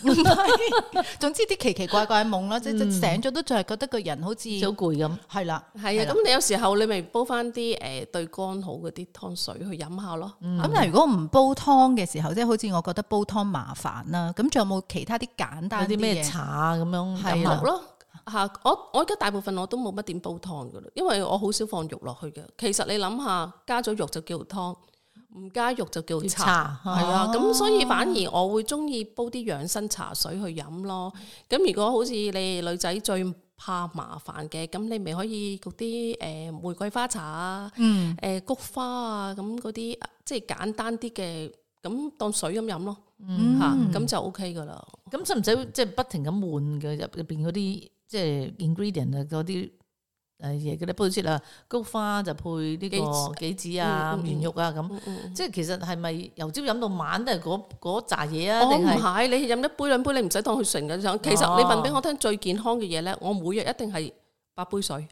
總之啲奇奇怪怪嘅夢啦，即即醒咗都仲係覺得個人好似好攰咁，係啦，係啊，咁你有時候你咪煲翻啲誒對肝好。嗰啲湯水去飲下咯，咁但係如果唔煲湯嘅時候，即係好似我覺得煲湯麻煩啦，咁仲有冇其他啲簡單啲咩茶啊咁樣飲咯？吓，我我而家大部分我都冇乜點煲湯噶啦，因為我好少放肉落去嘅。其實你諗下，加咗肉就叫湯，唔加肉就叫茶，係啊。咁所以反而我會中意煲啲養生茶水去飲咯。咁如果好似你女仔最怕麻煩嘅，咁你咪可以焗啲誒玫瑰花茶啊，誒、嗯呃、菊花啊，咁嗰啲即係簡單啲嘅，咁當水咁飲咯，嚇咁、嗯啊、就 OK 噶啦。咁使唔使即係不停咁換嘅入入邊嗰啲即係 ingredient 啊嗰啲？就是誒嘢嘅咧，好似啦菊花就配呢個杞子啊、圓肉啊咁，即係其實係咪由朝飲到晚都係嗰嗰紮嘢啊？哦，唔係，你飲一杯兩杯，你唔使當佢純嘅。其實你問俾我聽最健康嘅嘢咧，我每日一定係八杯水，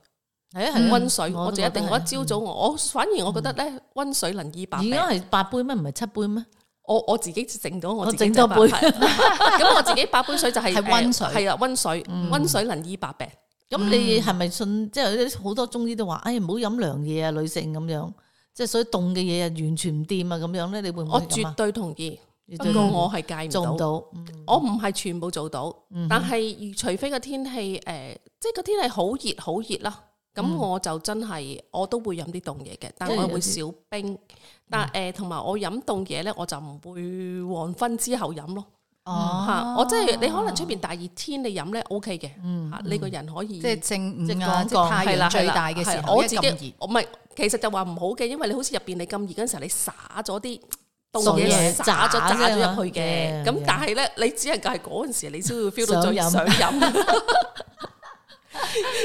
係啊，溫水。我就一定我一朝早我，我反而我覺得咧，溫水能醫百病。而家係八杯咩？唔係七杯咩？我我自己整咗我整多杯，咁我自己八杯水就係係溫水，係啦，溫水溫水能醫百病。咁你係咪信，即係好多中醫都話，哎唔好飲涼嘢啊，女性咁樣，即係所以凍嘅嘢啊，完全唔掂啊咁樣咧，你會唔會？我絕對同意，但 嗯、不過我係戒唔到，嗯、我唔係全部做到，嗯、哼但係除非個天氣誒、呃，即係個天氣好熱好熱啦，咁我就真係、嗯、我都會飲啲凍嘢嘅，但係我會少冰。嗯、但係誒，同、呃、埋我飲凍嘢咧，我就唔會黃昏之後飲咯。哦，我即係你可能出邊大熱天，你飲咧 O K 嘅，吓你個人可以即係正午啊，即係太陽最大嘅時候，我自己。唔係，其實就話唔好嘅，因為你好似入邊你咁熱嗰陣時，你灑咗啲凍嘢灑咗灑咗入去嘅。咁但係咧，你只能夠係嗰陣時你先會 feel 到最想飲。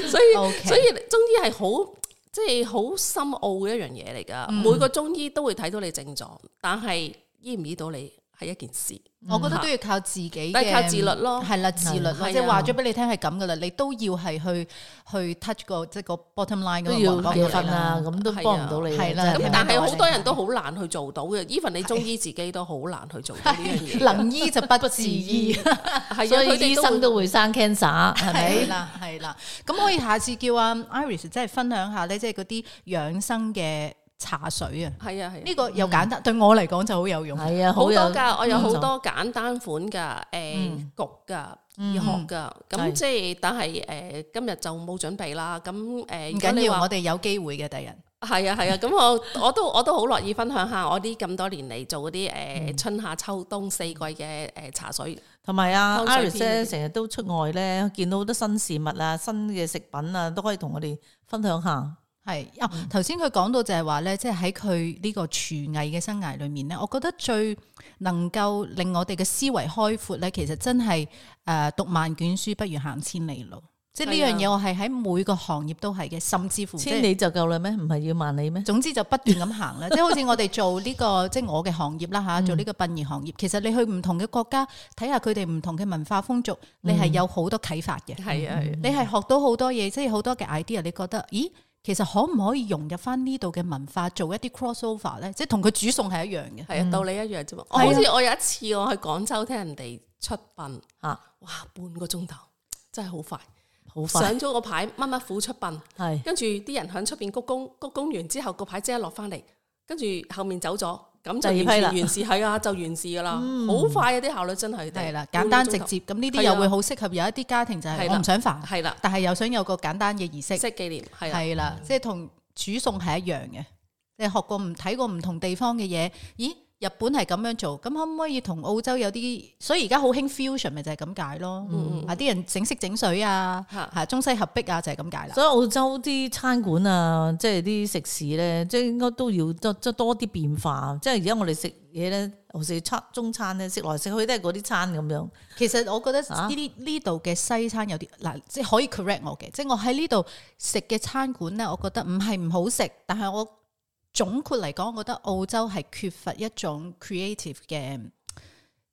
所以所以中醫係好即係好深奧嘅一樣嘢嚟噶。每個中醫都會睇到你症狀，但係醫唔醫到你係一件事。我覺得都要靠自己嘅，靠自律咯，係啦，自律即係話咗俾你聽係咁噶啦，你都要係去去 touch 個即係個 bottom line 嗰個結分啦，咁都幫唔到你係啦。咁但係好多人都好難去做到嘅，even 你中醫自己都好難去做呢樣嘢。能醫就不自醫，係所以醫生都會生 cancer 係咪？係啦，係啦。咁可以下次叫阿 Iris 即係分享下咧，即係嗰啲養生嘅。茶水啊，係啊，呢個又簡單，對我嚟講就好有用。係啊，好多噶，我有好多簡單款噶，誒，焗噶，熱殼噶。咁即係，但係誒，今日就冇準備啦。咁誒，唔緊要，我哋有機會嘅第日，係啊，係啊，咁我我都我都好樂意分享下我啲咁多年嚟做嗰啲誒春夏秋冬四季嘅誒茶水。同埋啊阿 l i 成日都出外咧，見到好多新事物啊，新嘅食品啊，都可以同我哋分享下。係哦，頭先佢講到就係話咧，即係喺佢呢個廚藝嘅生涯裏面咧，我覺得最能夠令我哋嘅思維開闊咧，其實真係誒、呃，讀萬卷書不如行千里路。啊、即係呢樣嘢，我係喺每個行業都係嘅，甚至乎千里就夠啦咩？唔係要萬里咩？總之就不斷咁行啦。 即係好似我哋做呢、這個即係、就是、我嘅行業啦吓、啊，做呢個殯儀行業，其實你去唔同嘅國家睇下佢哋唔同嘅文化風俗，嗯、你係有好多啟發嘅。係啊，係啊，你係學到好多嘢，即係好多嘅 idea，你覺得咦？其實可唔可以融入翻呢度嘅文化做一啲 cross over 呢？即係同佢煮餸係一樣嘅，係啊，道理一樣啫嘛。嗯、好似我有一次我去廣州聽人哋出殯嚇，啊、哇，半個鐘頭真係好快，好快上咗個牌乜乜虎出殯，跟住啲人喺出邊鞠躬，鞠躬完之後個牌即刻落翻嚟，跟住後面走咗。咁就完事啦，完事係啊， 就完事噶啦，好、嗯、快啊！啲效率真係，係啦，簡單直接。咁呢啲又會好適合有一啲家庭就係、是、的我唔想煩，係啦的，但係又想有個簡單嘅儀式，式紀念係啦，即係同煮餸係一樣嘅。你學過唔睇過唔同地方嘅嘢，咦？日本係咁樣做，咁可唔可以同澳洲有啲？所以而家好興 fusion，咪就係咁解咯。啊、嗯，啲人整色整水啊，嚇是中西合璧啊，就係咁解啦。所以澳洲啲餐館啊，即係啲食肆咧，即係應該都要多多啲變化。即係而家我哋食嘢咧，好似餐中餐咧，食來食去都係嗰啲餐咁樣。其實我覺得呢呢度嘅西餐有啲嗱，即係可以 correct 我嘅。即係我喺呢度食嘅餐館咧，我覺得唔係唔好食，但係我。總括嚟講，我覺得澳洲係缺乏一種 creative 嘅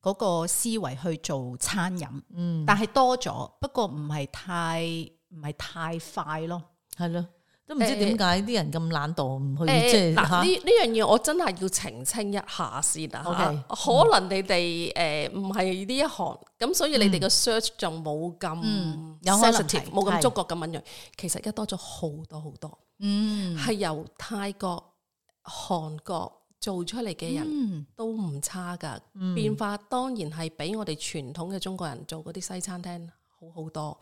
嗰個思維去做餐飲。嗯，但係多咗，不過唔係太唔係太快咯。係咯，都唔知點解啲人咁懶惰，唔去即係呢呢樣嘢我真係要澄清一下先啦。可能你哋誒唔係呢一行，咁所以你哋嘅 search 就冇咁 sensitive。冇咁觸覺咁敏銳。其實而家多咗好多好多。嗯，係由泰國。韓國做出嚟嘅人、嗯、都唔差噶，嗯、變化當然係比我哋傳統嘅中國人做嗰啲西餐廳好好多，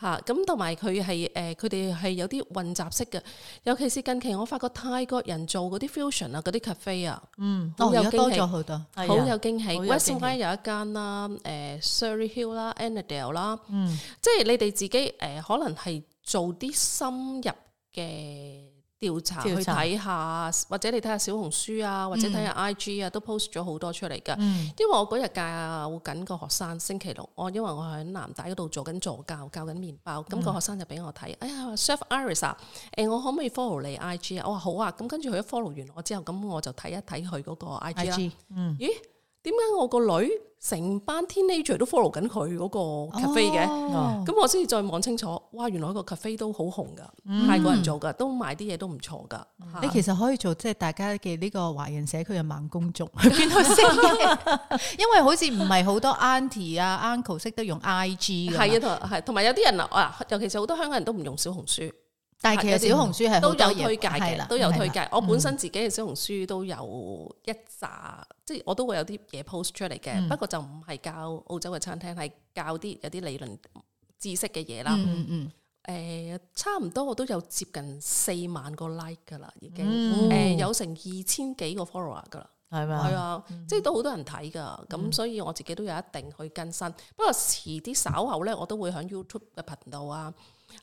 吓咁同埋佢係誒佢哋係有啲、呃、混雜式嘅，尤其是近期我發覺泰國人做嗰啲 fusion 啊嗰啲 cafe 啊，嗯，哦而家多咗好多，呀有驚好有驚喜。w e s 有一間啦，誒、呃、Surrey Hill 啦 Annandale 啦、嗯，即係你哋自己誒、呃、可能係做啲深入嘅。調查去睇下，或者你睇下小紅書啊，嗯、或者睇下 I G 啊，都 post 咗好多出嚟噶。嗯、因為我嗰日教緊個學生，星期六我因為我喺南大嗰度做緊助教，教緊麵包，咁、嗯、個學生就俾我睇，哎呀，Chef Iris 啊，誒、欸，我可唔可以 follow 你 I G 啊？我話好啊，咁跟住佢一 follow 完我之後，咁我就睇一睇佢嗰個 I G 咦、啊？嗯嗯點解我個女成班 teenager 都 follow 緊佢嗰個 cafe 嘅？咁我先至再望清楚，哇！原來個 cafe 都好紅噶，嗯、泰國人做噶，都賣啲嘢都唔錯噶。嗯嗯、你其實可以做即係大家嘅呢個華人社區嘅猛工族，去邊度先？因為好似唔係好多 auntie 啊 uncle 識得用 IG 嘅。係啊，同係同埋有啲人啊，尤其是好多香港人都唔用小紅書。但係其實小紅書係都有推介嘅，都有推介。我本身自己嘅小紅書都有一扎，即係我都會有啲嘢 post 出嚟嘅。不過就唔係教澳洲嘅餐廳，係教啲有啲理論知識嘅嘢啦。嗯嗯、誒，差唔多我都有接近四萬個 like 㗎啦，已經誒有成二千幾個 follower 㗎啦。係咪？係啊，即係都好多人睇㗎。咁所以我自己都有一定去更新。不過遲啲稍後咧，我都會喺 YouTube 嘅頻道啊。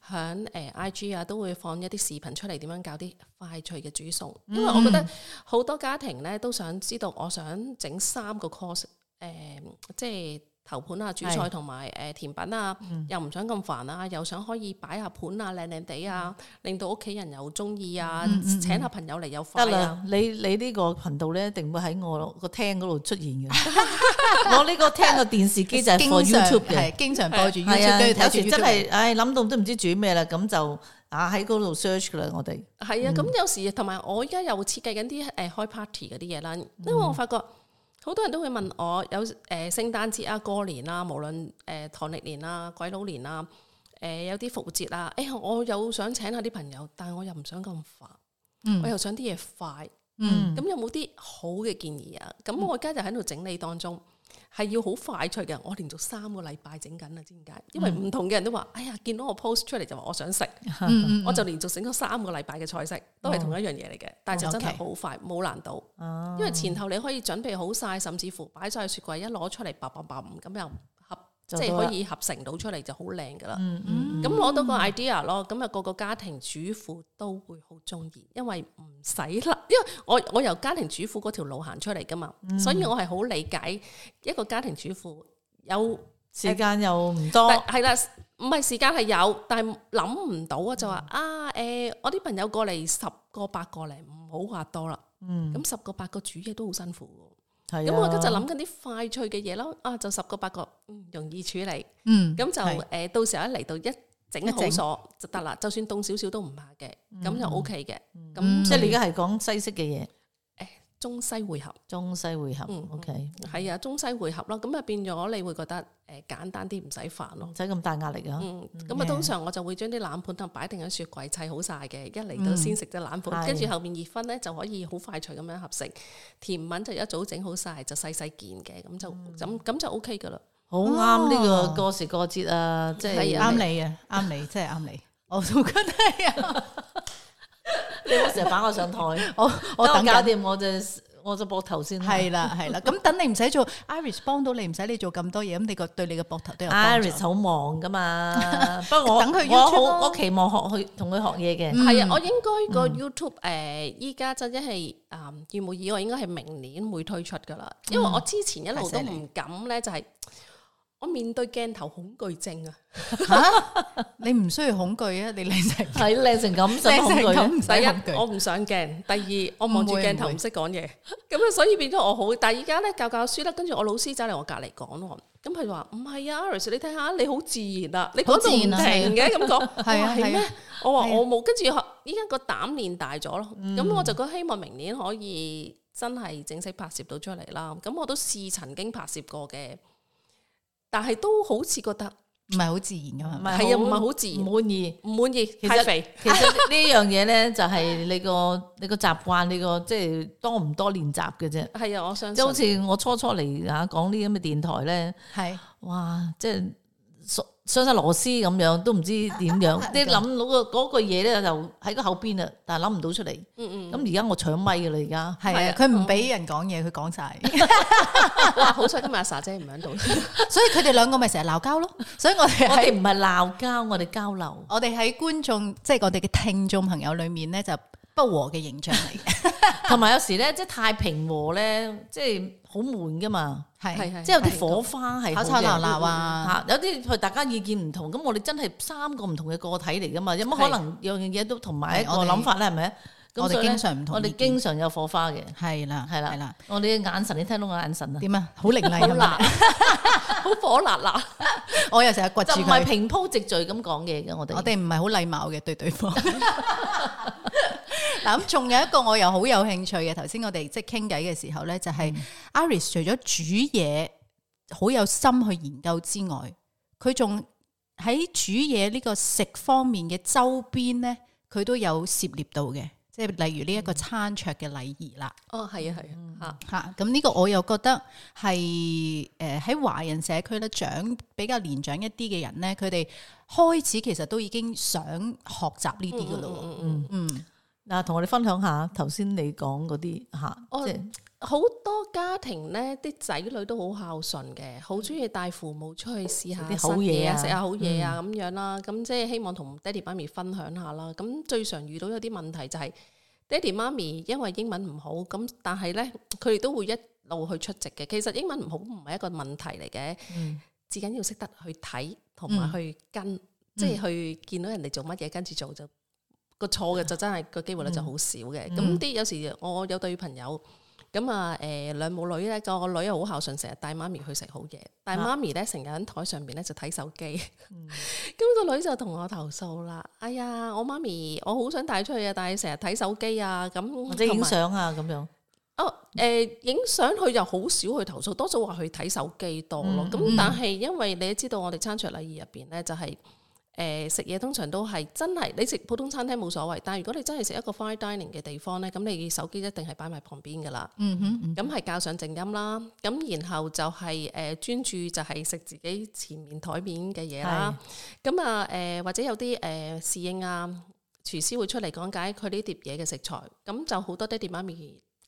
喺、呃、IG 啊，都會放一啲視頻出嚟，點樣搞啲快脆嘅煮餸。嗯、因為我覺得好多家庭咧，都想知道，我想整三個 course，誒、呃，即係。頭盤啊，主菜同埋誒甜品啊，又唔想咁煩啊，又想可以擺下盤啊，靚靚地啊，令到屋企人又中意啊，嗯嗯嗯請下朋友嚟又快啊！嗯、你你個頻呢個頻道咧，一定會喺我個廳嗰度出現嘅。 我呢個廳個電視機就係 for YouTube 嘅，經常播住是。有時真係，唉諗到都唔知煮咩啦，咁就啊喺嗰度 search 噶啦，我哋係啊。咁有時同埋我依家又設計緊啲誒開 party 嗰啲嘢啦，嗯、因為我發覺。好多人都會問我有誒、呃、聖誕節啊、過年啊、無論誒、呃、唐歷年啊、鬼佬年啊、誒、呃、有啲復活節啊，哎呀，我有想請下啲朋友，但係我又唔想咁煩，嗯、我又想啲嘢快，咁、嗯、有冇啲好嘅建議啊？咁我而家就喺度整理當中。嗯嗯係要好快出嘅，我連續三個禮拜整緊啦，知唔知？嗯、因為唔同嘅人都話，哎呀，見到我 post 出嚟就話我想食，嗯嗯嗯，我就連續整咗三個禮拜嘅菜式，都係同一樣嘢嚟嘅，哦、但係就真係好快，冇、哦、難度，哦、因為前後你可以準備好晒，甚至乎擺晒喺雪櫃，一攞出嚟，嘭嘭嘭咁又。即係可以合成到出嚟就好靚噶啦，咁攞到個 idea 咯，咁啊個個家庭主婦都會好中意，因為唔使啦，因為我我由家庭主婦嗰條路行出嚟噶嘛，嗯、所以我係好理解一個家庭主婦有、嗯、時間又唔多，係啦，唔係時間係有，但係諗唔到、嗯、啊，就話啊誒，我啲朋友過嚟十個八個嚟，唔好話多啦，咁、嗯、十個八個煮嘢都好辛苦喎。咁、嗯、我而家就諗緊啲快脆嘅嘢咯，啊就十個八個，嗯容易處理，嗯咁就誒是到時候一嚟到一整好一整所就得啦，就算凍少少都唔怕嘅，咁、嗯、就 O K 嘅，咁即係你而家係講西式嘅嘢？中西匯合，中西匯合，OK，係啊，中西匯合咯，咁啊變咗你會覺得誒簡單啲，唔使煩咯，唔使咁大壓力啊。嗯，咁啊通常我就會將啲冷盤都擺定喺雪櫃砌好晒嘅，一嚟到先食啲冷盤，跟住後面熱分咧就可以好快脆咁樣合成。甜品就一早整好晒，就細細件嘅，咁就咁咁就 OK 噶啦。好啱呢個過時過節啊，即係啱你啊，啱你，即係啱你，我都覺得呀。你成日擺我上台， 我我等，等我搞掂我隻我隻膊頭先。係啦，係啦，咁等你唔使做，Iris 幫到你唔使你做咁多嘢，咁你個對你個膊頭都有。Iris 好忙㗎嘛， 不過我 我，我，我好 我期望學佢同佢學嘢嘅。係啊，我應該個 YouTube 誒、呃，依家真即係啊，二月二我應該係明年會推出㗎喇，因為我之前一路都唔敢咧、就係，就係、嗯。我面對鏡頭恐懼症啊！你唔需要恐懼啊，你靚成係靚成咁，恐懼。第一，我唔想鏡；第二，我望住鏡頭唔識講嘢。咁啊，所以變咗我好。但係而家咧教教書啦，跟住我老師走嚟我隔籬講我，咁佢就話唔係啊，Iris，你睇下你好自然啊，你講到唔停嘅咁講。我啊，係咩？我話我冇。跟住依家個膽練大咗咯。咁我就覺得希望明年可以真係正式拍攝到出嚟啦。咁我都試曾經拍攝過嘅。但係都好似覺得唔係好自然噶嘛係啊，唔係好自然，唔滿意，唔滿意。肥其實 其實呢樣嘢咧，就係你個你個習慣，你個即係多唔多練習嘅啫。係啊，我相信。即係好似我初初嚟啊講呢啲咁嘅電台咧，係的哇，即係。上晒螺絲咁樣，都唔知點樣。你諗、啊啊、到、嗯、個嗰個嘢咧，就喺個口邊啦，但係諗唔到出嚟。咁而家我搶咪噶啦，而家係啊，佢唔俾人講嘢，佢講晒。哇，好彩今日阿莎姐唔喺度，所以佢哋兩個咪成日鬧交咯。所以我哋我唔係鬧交，我哋交流。我哋喺觀眾，即係我哋嘅聽眾朋友裏面咧就。不和嘅形象嚟，嘅，同埋有時咧，即係太平和咧，即係好悶噶嘛，係係，即係有啲火花係吵吵鬧鬧啊，吓有啲大家意見唔同，咁我哋真係三個唔同嘅個體嚟噶嘛，有乜可能樣樣嘢都同埋我個諗法咧？係咪？我哋經常唔同，我哋經常有火花嘅，係啦，係啦，係啦，我哋嘅眼神，你聽到我眼神啊？點啊？好凌厲嘛，好火辣辣，我又成日掘住佢，唔係平鋪直敘咁講嘢嘅，我哋我哋唔係好禮貌嘅對對方。嗱仲 有一個我又好有興趣嘅。頭先我哋即係傾偈嘅時候呢，就係、是、Iris 除咗煮嘢好有心去研究之外，佢仲喺煮嘢呢個食方面嘅周邊呢，佢都有涉獵到嘅。即係例如呢一個餐桌嘅禮儀啦。哦，係啊，係啊，嚇嚇、啊。咁呢個我又覺得係誒喺華人社區咧，長比較年長一啲嘅人呢，佢哋開始其實都已經想學習呢啲嘅咯。嗯嗯嗯。嗱，同我哋分享下，頭先你講嗰啲嚇，即係好我、就是、多家庭咧，啲仔女都好孝順嘅，好中意帶父母出去試下啲、嗯、好嘢啊，食下好嘢啊咁樣啦。咁即係希望同爹哋媽咪分享下啦。咁最常遇到有啲問題就係爹哋媽咪因為英文唔好，咁但係咧佢哋都會一路去出席嘅。其實英文唔好唔係一個問題嚟嘅，嗯，至緊要識得去睇同埋去跟，即係、嗯、去見到人哋做乜嘢，跟住做就個錯嘅就真係個機會咧就好少嘅，咁啲、嗯、有時我有對朋友咁啊，誒兩、呃、母女咧、個女又好孝順，成日帶媽咪去食好嘢，但係媽咪咧成日喺台上面咧就睇手機，咁、嗯、 個女就同我投訴啦。哎呀，我媽咪我好想帶出去啊，但係成日睇手機啊，咁或者影相啊咁樣。哦、呃，誒影相佢又好少去投訴，多數話去睇手機多咯。咁但係因為你知道我哋餐桌禮儀入邊咧就係、就係。係誒、呃、食嘢通常都係真係，你食普通餐廳冇所謂，但係如果你真係食一個 fine dining 嘅地方呢，咁你手機一定係擺埋旁邊噶啦、嗯。嗯咁係較上靜音啦，咁然後就係、是、誒、呃、專注就係食自己前面枱面嘅嘢啦。咁是啊誒、呃、或者有啲誒、呃、侍應啊、廚師會出嚟講解佢呢碟嘢嘅食材，咁就好多爹哋媽咪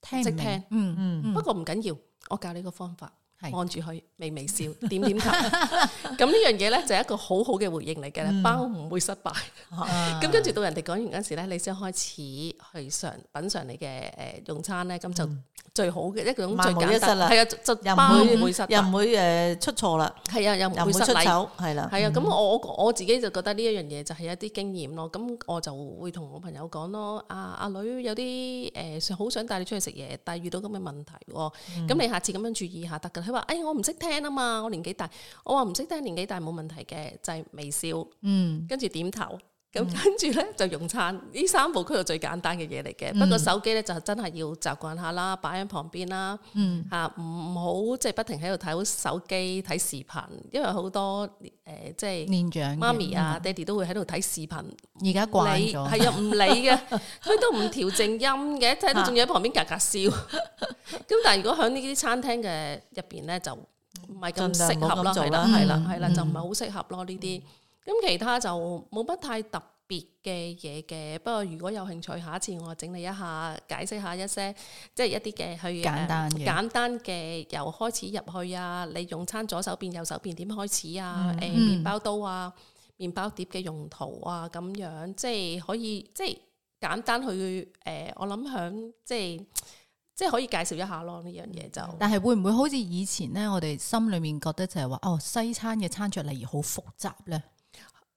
聽識聽。聽，嗯，不過唔緊要，我教你個方法。望住佢，微微笑，點點頭。咁呢 樣嘢咧，就係一個好好嘅回應嚟嘅。嗯、包唔會失敗。咁、啊、跟住到人哋講完嗰時咧，你先開始去嘗品嘗你嘅誒用餐咧，咁就。嗯最好嘅一種最簡單，係啊，就唔會又唔會誒出錯啦。係啊，又唔會出醜，係啦的。係啊、嗯，咁我我自己就覺得呢一樣嘢就係一啲經驗咯。咁我就會同我朋友講咯。阿、啊、阿女有啲誒好想帶你出去食嘢，但係遇到咁嘅問題喎。咁、嗯、你下次咁樣注意下得㗎。佢話，哎，我唔識聽啊嘛，我年紀大。我話唔識聽年紀大冇問題嘅，就係、是、微笑，嗯，跟住點頭。咁跟住咧就用餐，呢三部曲係最簡單嘅嘢嚟嘅。不過手機咧就真係要習慣下啦，擺喺旁邊啦，嚇唔好即係不停喺度睇手機睇視頻，因為好多誒即係年長媽咪啊、爹哋都會喺度睇視頻，而家慣咗，係啊唔理嘅，佢都唔調靜音嘅，睇到仲要喺旁邊格格笑。咁但係如果喺呢啲餐廳嘅入邊咧，就唔係咁適合咯，係啦係啦係啦，就唔係好適合咯呢啲。咁其他就冇乜太特別嘅嘢嘅，不過如果有興趣，下一次我整理一下，解釋下一些即係、就是、一啲嘅去簡單嘅、嗯、簡單嘅由開始入去啊，你用餐左手邊右手邊點開始啊？誒、嗯欸，麵包刀啊，麵包碟嘅用途啊，咁樣即係、就是、可以即係、就是、簡單去誒、呃，我諗響即係即係可以介紹一下咯呢樣嘢就，但係會唔會好似以前呢？我哋心裏面覺得就係話哦，西餐嘅餐桌禮儀好複雜呢。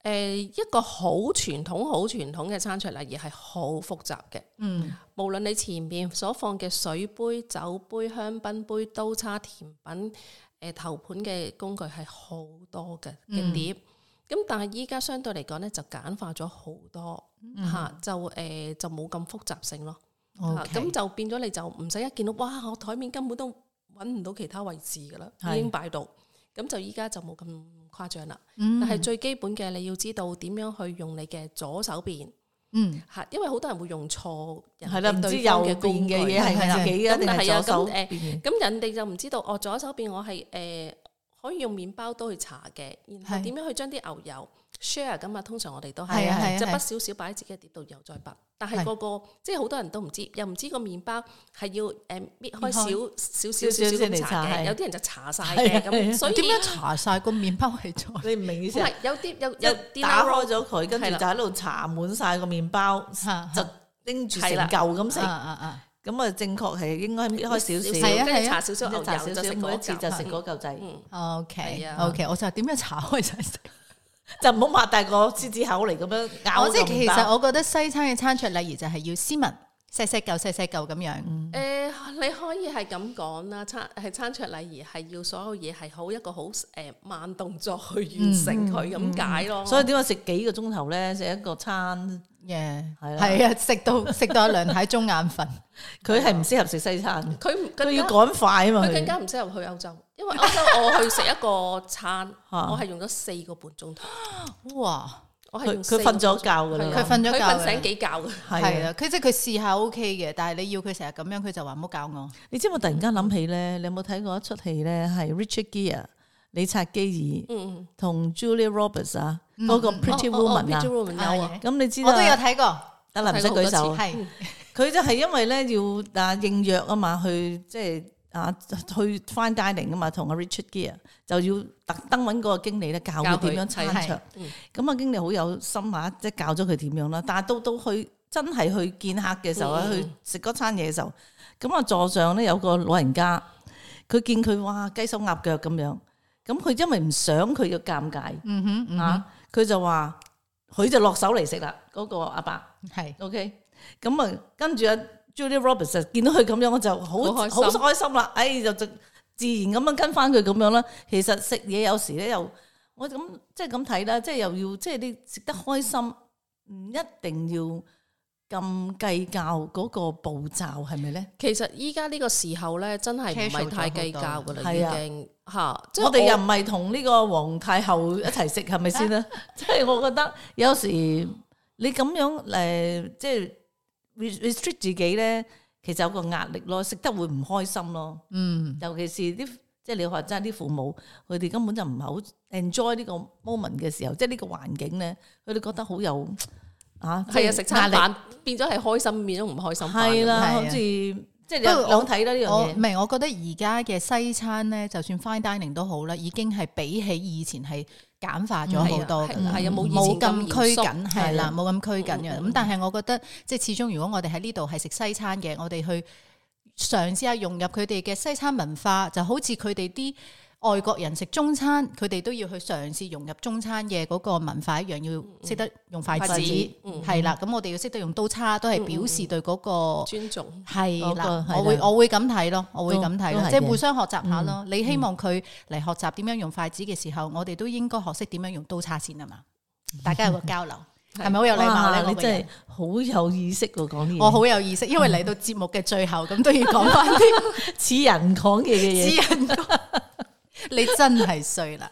誒一個好傳統、好傳統嘅餐桌禮儀係好複雜嘅。嗯，無論你前面所放嘅水杯、酒杯、香檳杯、刀叉、甜品、誒、呃、頭盤嘅工具係好多嘅嘅、嗯、碟。咁但係依家相對嚟講咧就簡化咗好多嚇、嗯哼啊，就誒、呃、就冇咁複雜性咯。咁 Okay、啊、就變咗你就唔使一見到哇！我台面根本都揾唔到其他位置㗎啦，已經的、嗯、擺到。咁就依家就冇咁。誇張啦，嗯、但係最基本嘅你要知道點樣去用你嘅左手邊，嗯，吓，因為好多人會用錯，係啦，唔知右邊嘅嘢係幾嘅，定係左手邊嘅，咁人哋就唔知道，啊呃、知道哦。左手邊我係誒、呃、可以用麵包刀去搽嘅，然後點樣去將啲牛油。share 噶嘛？通常我哋都係就不少少擺喺自己碟度，又再拔。但係個個即係好多人都唔知，又唔知個麵包係要誒搣開少少少少咁搽嘅。有啲人就搽晒嘅咁，所以點樣搽晒個麵包係你唔明意思。有啲有有打開咗佢，跟住就喺度搽滿晒個麵包，就拎住成嚿咁食。咁啊，正確係應該搣開少少，跟住搽少少牛油，就食嗰次，就食嗰嚿仔。OK，OK，我就點樣搽開就食？就唔好擘大個獅子口嚟，咁樣咬，即係其實我覺得西餐嘅餐桌禮儀就係要斯文，細細嚿細細嚿咁樣。誒，你可以係咁講啦，餐係餐桌禮儀係要所有嘢係好，一個好誒，慢動作去完成佢咁解咯。所以點解食幾個鐘頭咧食一個餐？耶，係啊，食到食到阿梁太中眼瞓，佢係唔適合食西餐。佢佢要趕快啊嘛，佢更加唔適合去歐洲，因為歐洲我去食一個餐，我係用咗四個半鐘頭。哇！我係佢瞓咗覺噶啦，佢瞓咗覺，瞓醒幾覺嘅。係啊，佢即係佢試下 O K 嘅，但係你要佢成日咁樣，佢就話唔好教我。你知我突然間諗起咧，你有冇睇過一出戲咧？係 Richard Gere 李察基爾，同 Julia Roberts 啊。嗰個 Pretty Woman 有啊，咁你知道我都有睇過。阿林唔使舉手，係佢就係因為咧要啊應約啊嘛，去即係啊去 fine dining 啊嘛，同阿 Richard Gere 就要特登揾個經理咧教佢點樣餐桌。咁啊經理好有心啊，即係教咗佢點樣啦。但係都都去真係去見客嘅時候咧，去食嗰餐嘢嘅時候，咁啊座上咧有個老人家，佢見佢哇雞手鴨腳咁樣，咁佢因為唔想佢要尷尬，嗯哼啊。佢就話，佢就落手嚟食啦。嗰，個阿伯係，OK，咁啊，跟住阿 Julia Roberts 見到佢咁樣，我就好好開心啦。哎，就自然咁樣跟返佢咁樣啦。其實食嘢有時咧，又我咁即係咁睇啦，即、就、係、是就是、又要即係、就是、你食得開心，唔一定要。咁計較嗰個步驟係咪咧？是是呢，其實依家呢個時候咧，真係唔係太計較噶啦，已經吓。啊嗯、我哋又唔係同呢個皇太后一齊食，係咪先咧、啊？即係 我覺得有時你咁樣誒，即、呃、係、就是、restrict 自己咧，其實有個壓力咯，食得會唔開心咯。嗯，尤其是啲即係你話齋啲父母，佢哋根本就唔係好 enjoy 呢個 moment 嘅時候，即、就、係、是、呢個環境咧，佢哋覺得好有。啊，係啊，食餐飯變咗係開心面都唔開心，係啦，好似即係兩睇啦呢樣嘢。唔係，我覺得而家嘅西餐咧，就算 fine dining 都好啦，已經係比起以前係簡化咗好多噶啦，係啊，冇以前咁拘謹，係啦，冇咁拘謹嘅。咁但係我覺得，即係始終如果我哋喺呢度係食西餐嘅，我哋去嘗試下融入佢哋嘅西餐文化，就好似佢哋啲。外國人食中餐，佢哋都要去嘗試融入中餐嘅嗰個文化，一樣要識得用筷子，係啦。咁我哋要識得用刀叉，都係表示對嗰個尊重。係啦，我會我會咁睇咯，我會咁睇，即係互相學習下咯。你希望佢嚟學習點樣用筷子嘅時候，我哋都應該學識點樣用刀叉先啊嘛。大家有個交流，係咪好有禮貌咧？你真係好有意識講嘢。我好有意識，因為嚟到節目嘅最後，咁都要講翻啲似人講嘅嘢。 你真係衰啦！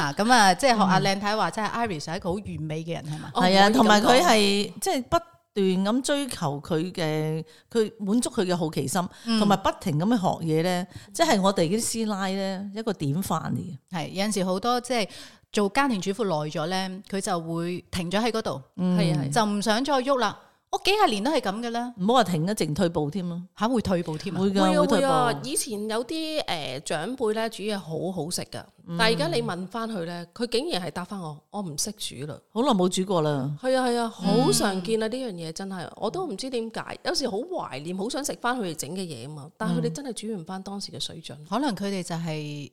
啊，咁啊，即係學阿靚太話，即係 Iris 係一個好完美嘅人係嘛？係啊，同埋佢係即係不斷咁追求佢嘅，佢滿足佢嘅好奇心，同埋、嗯、不停咁去學嘢咧。即係我哋啲師奶咧，一個典範嚟嘅。係、嗯、有陣時好多即係、就係、做家庭主婦耐咗咧，佢就會停咗喺嗰度，係啊、嗯，係係就唔想再喐啦。我幾廿年都係咁嘅咧，唔好話停一淨退步添咯，吓會退步添。會噶會退步。以前有啲誒長輩咧煮嘢好好食噶，嗯、但係而家你問翻佢咧，佢竟然係答翻我，我唔識煮啦，好耐冇煮過啦。係啊係啊，好、嗯、常見啊呢樣嘢真係，我都唔知點解，有時好懷念，好想食翻佢哋整嘅嘢啊嘛，但係佢哋真係煮唔翻當時嘅水準，嗯、可能佢哋就係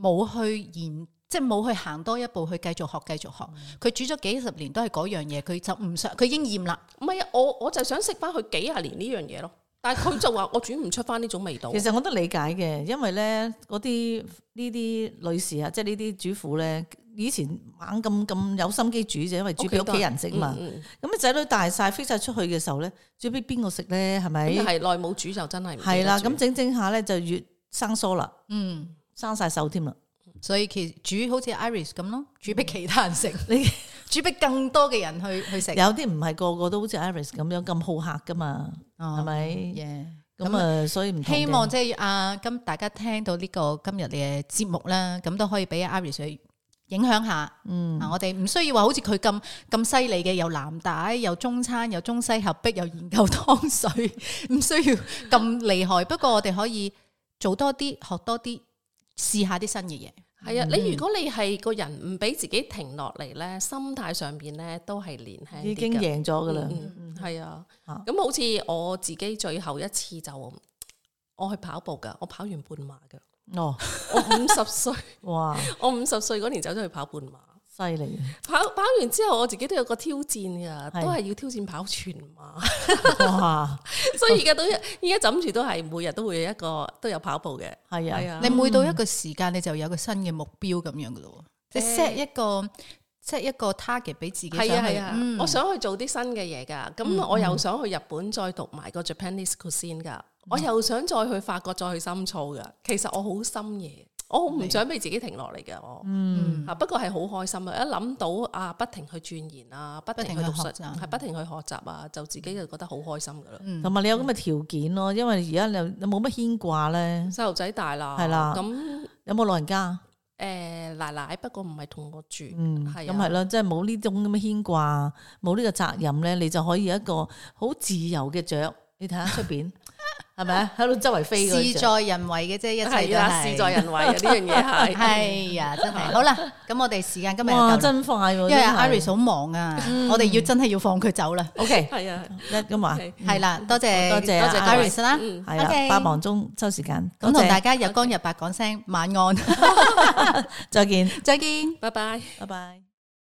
冇去研。即係冇去行多一步去繼續學繼續學，佢煮咗幾十年都係嗰樣嘢，佢就唔想佢已經厭啦。唔係啊，我我就想食翻佢幾廿年呢樣嘢咯。但係佢就話我煮唔出翻呢種味道。 其實我都理解嘅，因為咧嗰啲，呢啲女士啊，即係呢啲主婦咧，以前猛咁咁有心機煮就因為煮俾屋企人食嘛。咁啊仔女大晒飛晒出去嘅時候咧，煮俾邊個食咧？係咪？係內冇煮就真係係啦。咁整整下咧就越生疏啦。嗯，生晒手添啦。所以其實煮好似 Iris 咁咯，煮俾其他人食，你煮俾更多嘅人去去食。有啲唔係個個都好似 Iris 咁樣咁好客噶嘛，係咪，哦？咁啊，所以唔希望即係阿咁大家聽到呢個今日嘅節目啦，咁都可以俾 Iris 去影響下。嗯，嗱，我哋唔需要話好似佢咁咁犀利嘅，又藍帶、又中餐又中西合璧又研究湯水，唔需要咁厲害。不過我哋可以做多啲，學多啲，試下啲新嘅嘢。係啊，你如果你係個人唔俾自己停落嚟，呢，心態上面呢都係年輕。已經贏咗噶啦。嗯，係啊。咁好似我自己最後一次就，我去跑步噶，我跑完半馬噶。哦， 我五十歲。 哇！ 我五十歲嗰年走咗去跑半馬。犀利！跑跑完之後，我自己都有個挑戰噶，啊、都係要挑戰跑全馬。哇 所以而家都而家枕住都係每日都會有一個都有跑步嘅。係啊，啊你每到一個時間，你就有個新嘅目標咁樣噶咯。啊、你 set 一個 set 一個 target 俾自己，係啊係啊，嗯、我想去做啲新嘅嘢噶。咁、嗯、我又想去日本再讀埋個 Japanese cuisine 噶，我又想再去法國再去深造噶。其實我好深嘢。我唔想俾自己停落嚟噶，我、嗯，啊、嗯、不過係好開心啊！一諗到啊，不停去鑽研啊、嗯，不停去讀，係不停去學習啊，就自己就覺得好開心噶啦。同埋你有咁嘅條件咯，因為而家你有冇乜牽掛咧，細路仔大啦，係啦，咁有冇老人家？誒奶奶，不過唔係同我住，咁係咯，即係冇呢種咁嘅牽掛，冇呢個責任咧，你就可以一個好自由嘅雀，你睇下出邊。係咪喺度周圍飛？事在人為嘅啫，一切都係事在人為嘅呢樣嘢係。係呀，真係好啦，咁我哋時間今日因為 Iris 好忙啊，我哋要真係要放佢走啦。OK，係啊，今日係啦，多謝多謝 Iris 啦，係啊，百忙中抽時間，咁同大家日光日白講聲晚安，再見，再見，拜拜，拜拜。